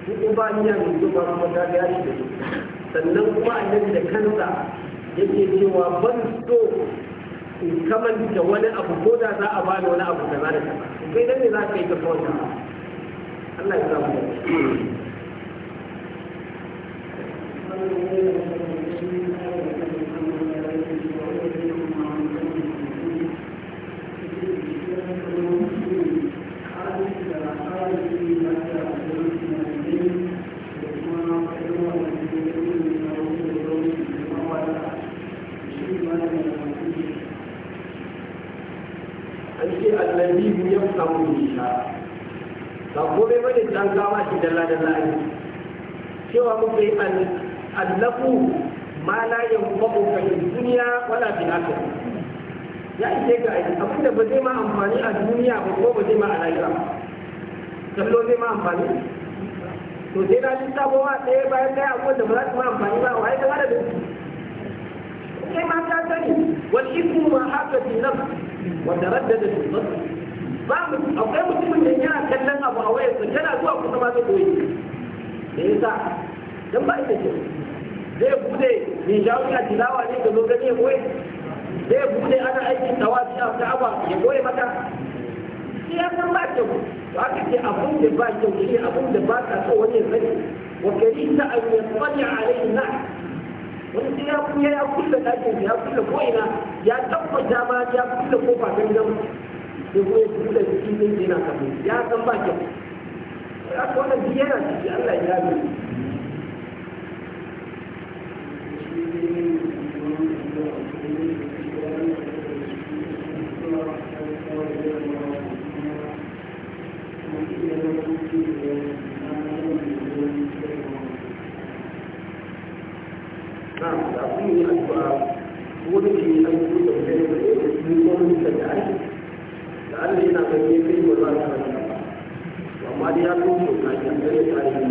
S2: in ba niyya mai kyau ba kuma ta ga shi da su sannan kuma annabi da kansa yake cewa ban so in kaman da wani abu ko da za a ba da wani abu da za da kaza kai dan ne za ka yi ka kawai Allah ya samu
S1: Thank you.
S2: ba gobe ba ne an kama shi dalla dalla a yi cewa muke allafu ma la yanfa'u ka fi duniya wala fi akhirah ya ishe ka abin da ba zai ma amfani a duniya ba ko ba zai ma a lahira kallo zai ma amfani to sai na lissafo wa ɗaya bayan ɗaya abubuwan da ba za su ma amfani ba wa ya gaba da duk sai ma ta sani wani ismu ma haka fi nafs wa taraddada fi nafs ba mu akwai mutumin da yana kallon abu a wayar sa tana zuwa kusa ma zai koyi da yasa dan ba ita ce zai bude mai jawo na tilawa ne da zo gani ya koyi zai bude ana aikin tawafi a ta'aba ya koyi mata sai ya san ba kyau to aka ce abun da ba kyau shi abun da ba ka so wani ya sani wa karita an yasfali alaihi na wani sai ya kulle ya kulle ɗakin ya kulle ko'ina ya tabbata ma ya kulle kofa don gama sai ko ya da jikin zai yana kafin ya san ba kyau ya ka wannan duk yana ciki Allah ya yi
S1: نعم تعطيني أكبر ولكن أن يكون هناك أي من قوم har yana kan yi kai ba za ka rasa amma dai ya so mu na
S2: da ya tare da mu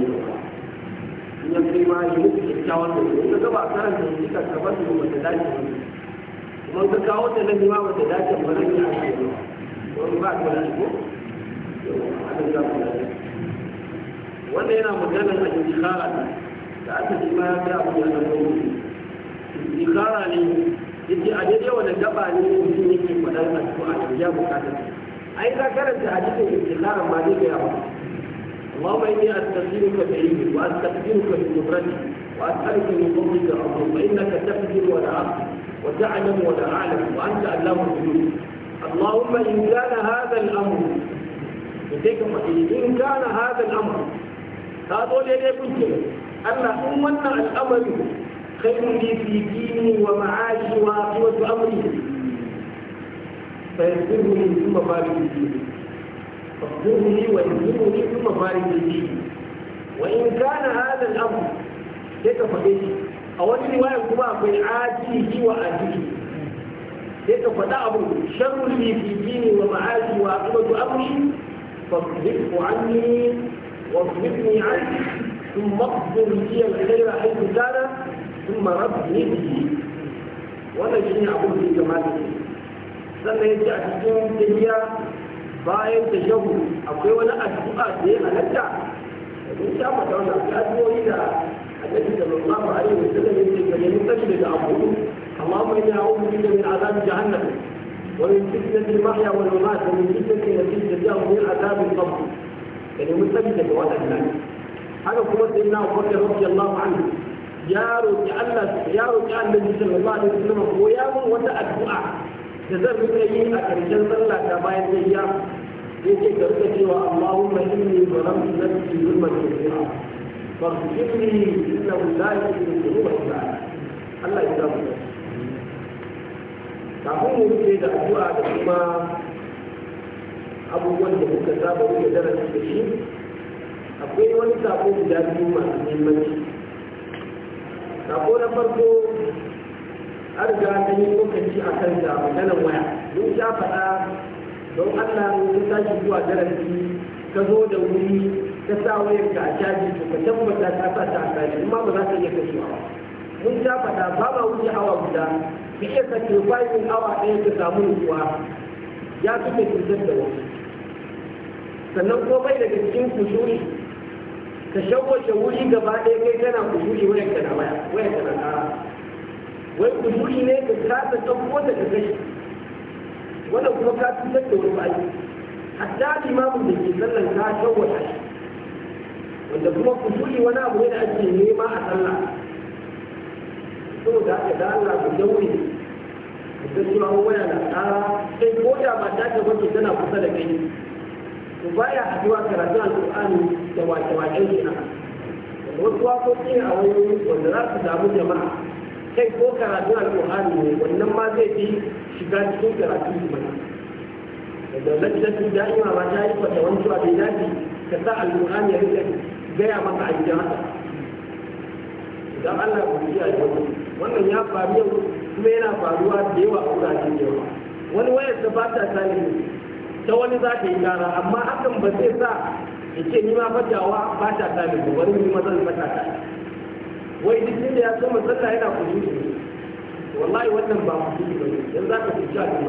S2: in ya kai ma yi muku kyakkyawan da kuma ka kabar da mu da dace kuma ka kawo ta nan ma ba da dace ba ran ya ce wani ba da ko abin da ku da wannan yana magana a ikhara da aka ji ma ya ga abu da nan ko ikhara ne yake a daidai wannan gaba ne mutum yake faɗar addu'a ya bukatar ai ka karanta hadisin istikhar amma ne ga yawa اللهم اني استغفرك بعلمي واستغفرك بقدرتي واسالك من فضلك عظيم فانك تقدر ولا اقدر وتعلم ولا اعلم وانت علام الغيوب اللهم ان كان هذا الامر ان كان هذا الامر هذا اللي كنت الله ان الامر خير لي في ديني ومعاشي وعاقبه امري فينزلني ثم بارك فيه فاصبرني وانزلني ثم بارك فيه وإن كان هذا الأمر يتفقه أول رواية كما في واتيه ليس يتفقه أمر شر لي في ديني ومعاشي وعاقبة أمري فاصرفه عني واصرفني عني ثم اقدر لي الخير حيث كان ثم ربني به ولا جميع أقول في الدين sannan ya ce a cikin tafiya bayan ta shahu akwai wani addu'a da ya halatta mun sha mata wani akwai addu'o'i da annabi sallallahu alaihi wa sallam ya ce gare mun tashi daga abu amma mun ya hawo mun da min azab jahannam wa min fitnat al-mahya wal mamat wa min fitnat al-nabiyyi tajaahu min azab al-qabr gare mun tashi daga wadannan haka kuma sai na Abubakar radiyallahu anhu ya roki Allah ya roki Allah sallallahu alaihi wa sallam ko ya mun wata addu'a da zan rika yi a ƙarshen sallah da bayan tafiya sai ce ka suka cewa Allahumma inni zalamtu nafsi zulman kathira faghfir inna innahu la yaghfiru dhunuba illa Allah ya samu kafin mu wuce da addu'a da kuma abubuwan da muka saba muke darasi da shi akwai wani sako guda biyu masu muhimmanci sako na farko har ga ta yi lokaci a kan da maganar waya mun sha faɗa don Allah mun tashi zuwa darasi ka zo da wuri ka sa wayar ka a caji to ka tabbata ka sa ta a caji kuma ba za ka iya kashewa ba mun sha faɗa ba ma wuce awa guda ka iya kashe bayan awa ɗaya ka samu nutsuwa ya fi ka cutar da wasu sannan ko bai daga cikin kusuri ka shawwace wuri gaba ɗaya kai kana kusuri wayar ka na waya wayar ka na ƙara wai kushuri ne ka kasa ɗauko da ka gashi wannan kuma ka cutar da wani bayi hatta limamin da ke sallan ka shawwata shi wanda kuma kushuri wani abu ne da ake nema a sallah saboda aka da Allah ku daure da cewa waya na tsara sai ko da ba ta ta bace tana kusa da kai ku baya haduwa karatu al alqur'ani da wace-wacen shi na wasu wakoki a wani wanda za su damu jama'a kai ko karatun alƙur'ani ne wannan ma zai fi shiga cikin karatu su mana
S1: da lajjatu da'ima ba ta yi kwata wani cewa bai dafi ka sa alƙur'ani ya rike gaya maka a gidan haka
S2: idan Allah ku ji a yau wannan ya faru yau kuma yana faruwa da yawa a wurare da yawa wani wayar da ba ta salihu ta wani za ta yi gara amma hakan ba zai sa ya ce ni ma fatawa ba ta ba wani ni ma zan fata ta wai duk da ya gama sallah yana kudu wallahi wannan ba kudu ba ne dan za ka fita ne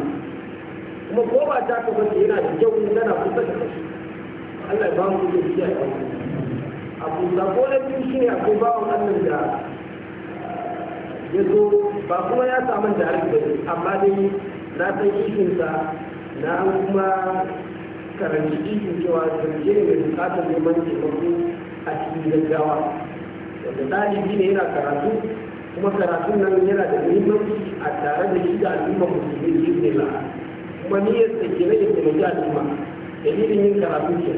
S2: kuma ko ba ta ka bace yana da kyau in kana kusa da shi Allah ya ba mu da shi a abu da ko na biyu shine akwai bawon Allah da ya zo ba kuma ya samu da harbi ba amma dai na san ishinsa
S1: na kuma karanci ishin cewa zance ne mai bukatar neman taimako a cikin gaggawa wanda ɗalibi ne yana karatu kuma karatun
S2: nan yana da muhimmanci a tare da shi da al'umma musulmi da yake la kuma ya da ke rage taimaki al'umma dalilin yin karatu ke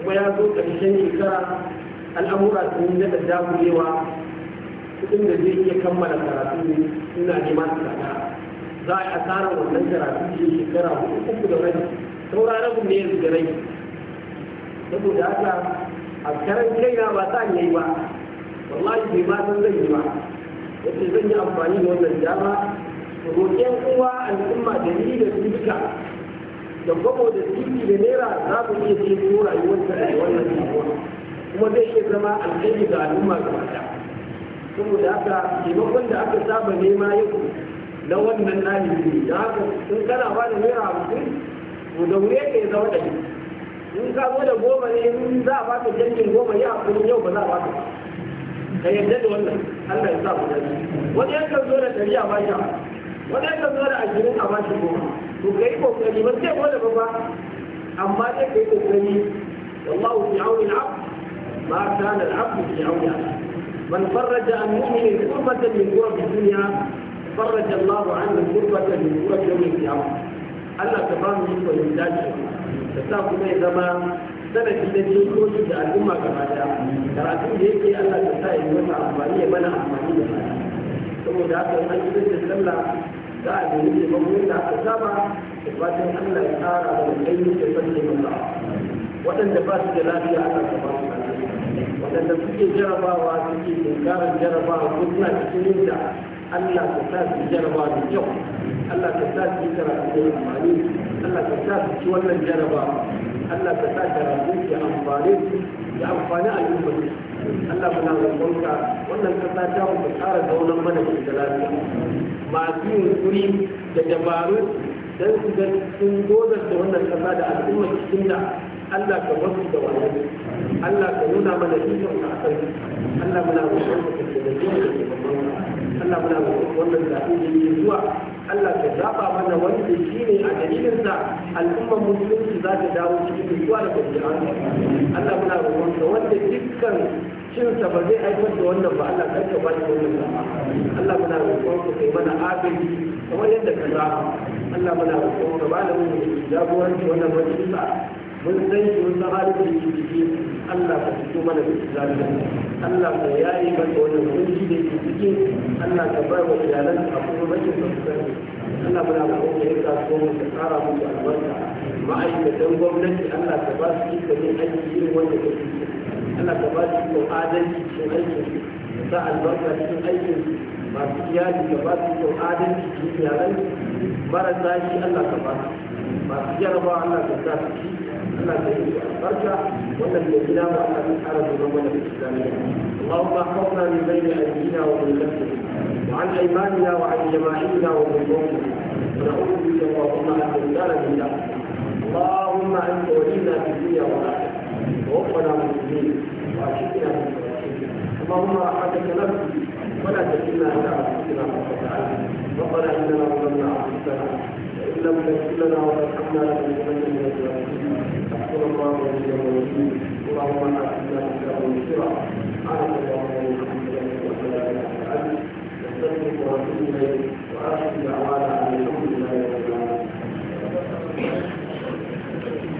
S2: kuma ya zo ƙarshen shekara al'amura sun yi da dagulewa kuɗin da zai iya kammala karatu ina neman kaɗa za a yi asarar wannan karatu ke shekara uku da rai saura na ne ya da rai saboda haka a karan na ba sa yi ba amma bai ma san zai yi ba yace zan yi amfani da wannan dama roƙen uwa al'umma da ni da su duka da gwamo da titi da naira za mu iya ce ko rayuwarsa da wannan damuwa kuma zai iya zama alheri ga al'umma gaba ɗaya saboda haka taimakon da aka saba nema yau na wannan ɗalibi da haka sun kana ba da naira hamsin to da wuri ka ya zama ɗari in ka zo da goma ne in za a baka canjin goma ya kuma yau ba za a baka ba ka yarda da wannan Allah ya sa mu dace wani yanka zo da dari a bashi wani yanka zo da ashirin a bashi goma to ka yi kokari ba sai dole ba ba amma sai ka yi kokari wallahu fi auni al-abd ma kana al-abd fi auni man farraja an mu'min kurbatan min kurab dunya farraja Allah anhu kurbatan min kurab yawm al-qiyamah Allah ta ba mu yi ko dace da sa kuma ya zama sanadin da jikoki da al'umma ga mata karatun da yake Allah ta sa yi wata amfani ya mana amfani da fata saboda haka an yi da sallah za a nemi taimakon da aka saba da fatan Allah ya tsara da kai da sanya masa waɗanda ba su da lafiya aka saba su
S1: waɗanda suke jarabawa suke tunkarar jarabawa ko suna cikin yadda Allah ka sa su jaraba da kyau Allah ka sa su karatu da amfani Allah ka sa su ci wannan jaraba Allah ka sa karatu da amfani da
S2: amfani al'ummar Allah na roƙonka wannan kasa ta mu tsara zaunan mana da lafiya masu kuri da dabaru dan su ga sun goda da wannan kasa da al'umma cikin da Allah ka wasu da wannan Allah ka nuna mana ikon ka akan Allah muna roƙonka da da Allah muna wannan zaɓe da yake zuwa Allah ka zaɓa mana wanda shi ne a dalilinsa al'ummar musulunci za ta dawo cikin zuwa da kwanciyar Allah muna roƙonka wanda dukkan cinsa ba zai haifar da wannan ba Allah kan ka ba da wannan ba Allah muna roƙonka kai mana agaji kamar yadda ka zaɓa Allah muna roƙonka ba da mu jagoranci wannan majalisa mun san shi mun san halin da yake ciki Allah ka
S1: fito mana da islamin Allah ka yayi mana wannan kunci da yake ciki Allah ka bar wa iyalan abubuwan bakin da suka Allah muna da kuma ya kaso mu ka tsara musu albarka ma'aikatan gwamnati Allah ka ba su ikon yin aiki irin wanda kake so Allah ka ba su ikon adalci cikin aikin su sa albarka cikin aikin su masu
S2: iyali ka ba su ikon adalci cikin iyalan marasa shi Allah ka ba su
S1: masu jarabawa Allah ka sa su suna da yin albarka wannan da gina ba a cikin اللهم احفظنا من بين ايدينا ومن خلفنا وعن ايماننا وعن جماعنا ومن موتنا ونعوذ بك اللهم ان تجعلنا من اللهم انت ولينا في الدنيا والاخره ووفقنا مسلمين واشركنا من اللهم رحمتك نفسي ولا تكلنا الى انفسنا قرة اعين ربنا اننا ظلمنا انفسنا وان لم تغفر لنا وترحمنا لنكونن من الظالمين اللهم انت موجود اللهم اعطنا انت منصرا على اللهم محمدا وعلى اله وصحبه وسلم
S3: واتوب اليك واخر دعوانا ان الحمد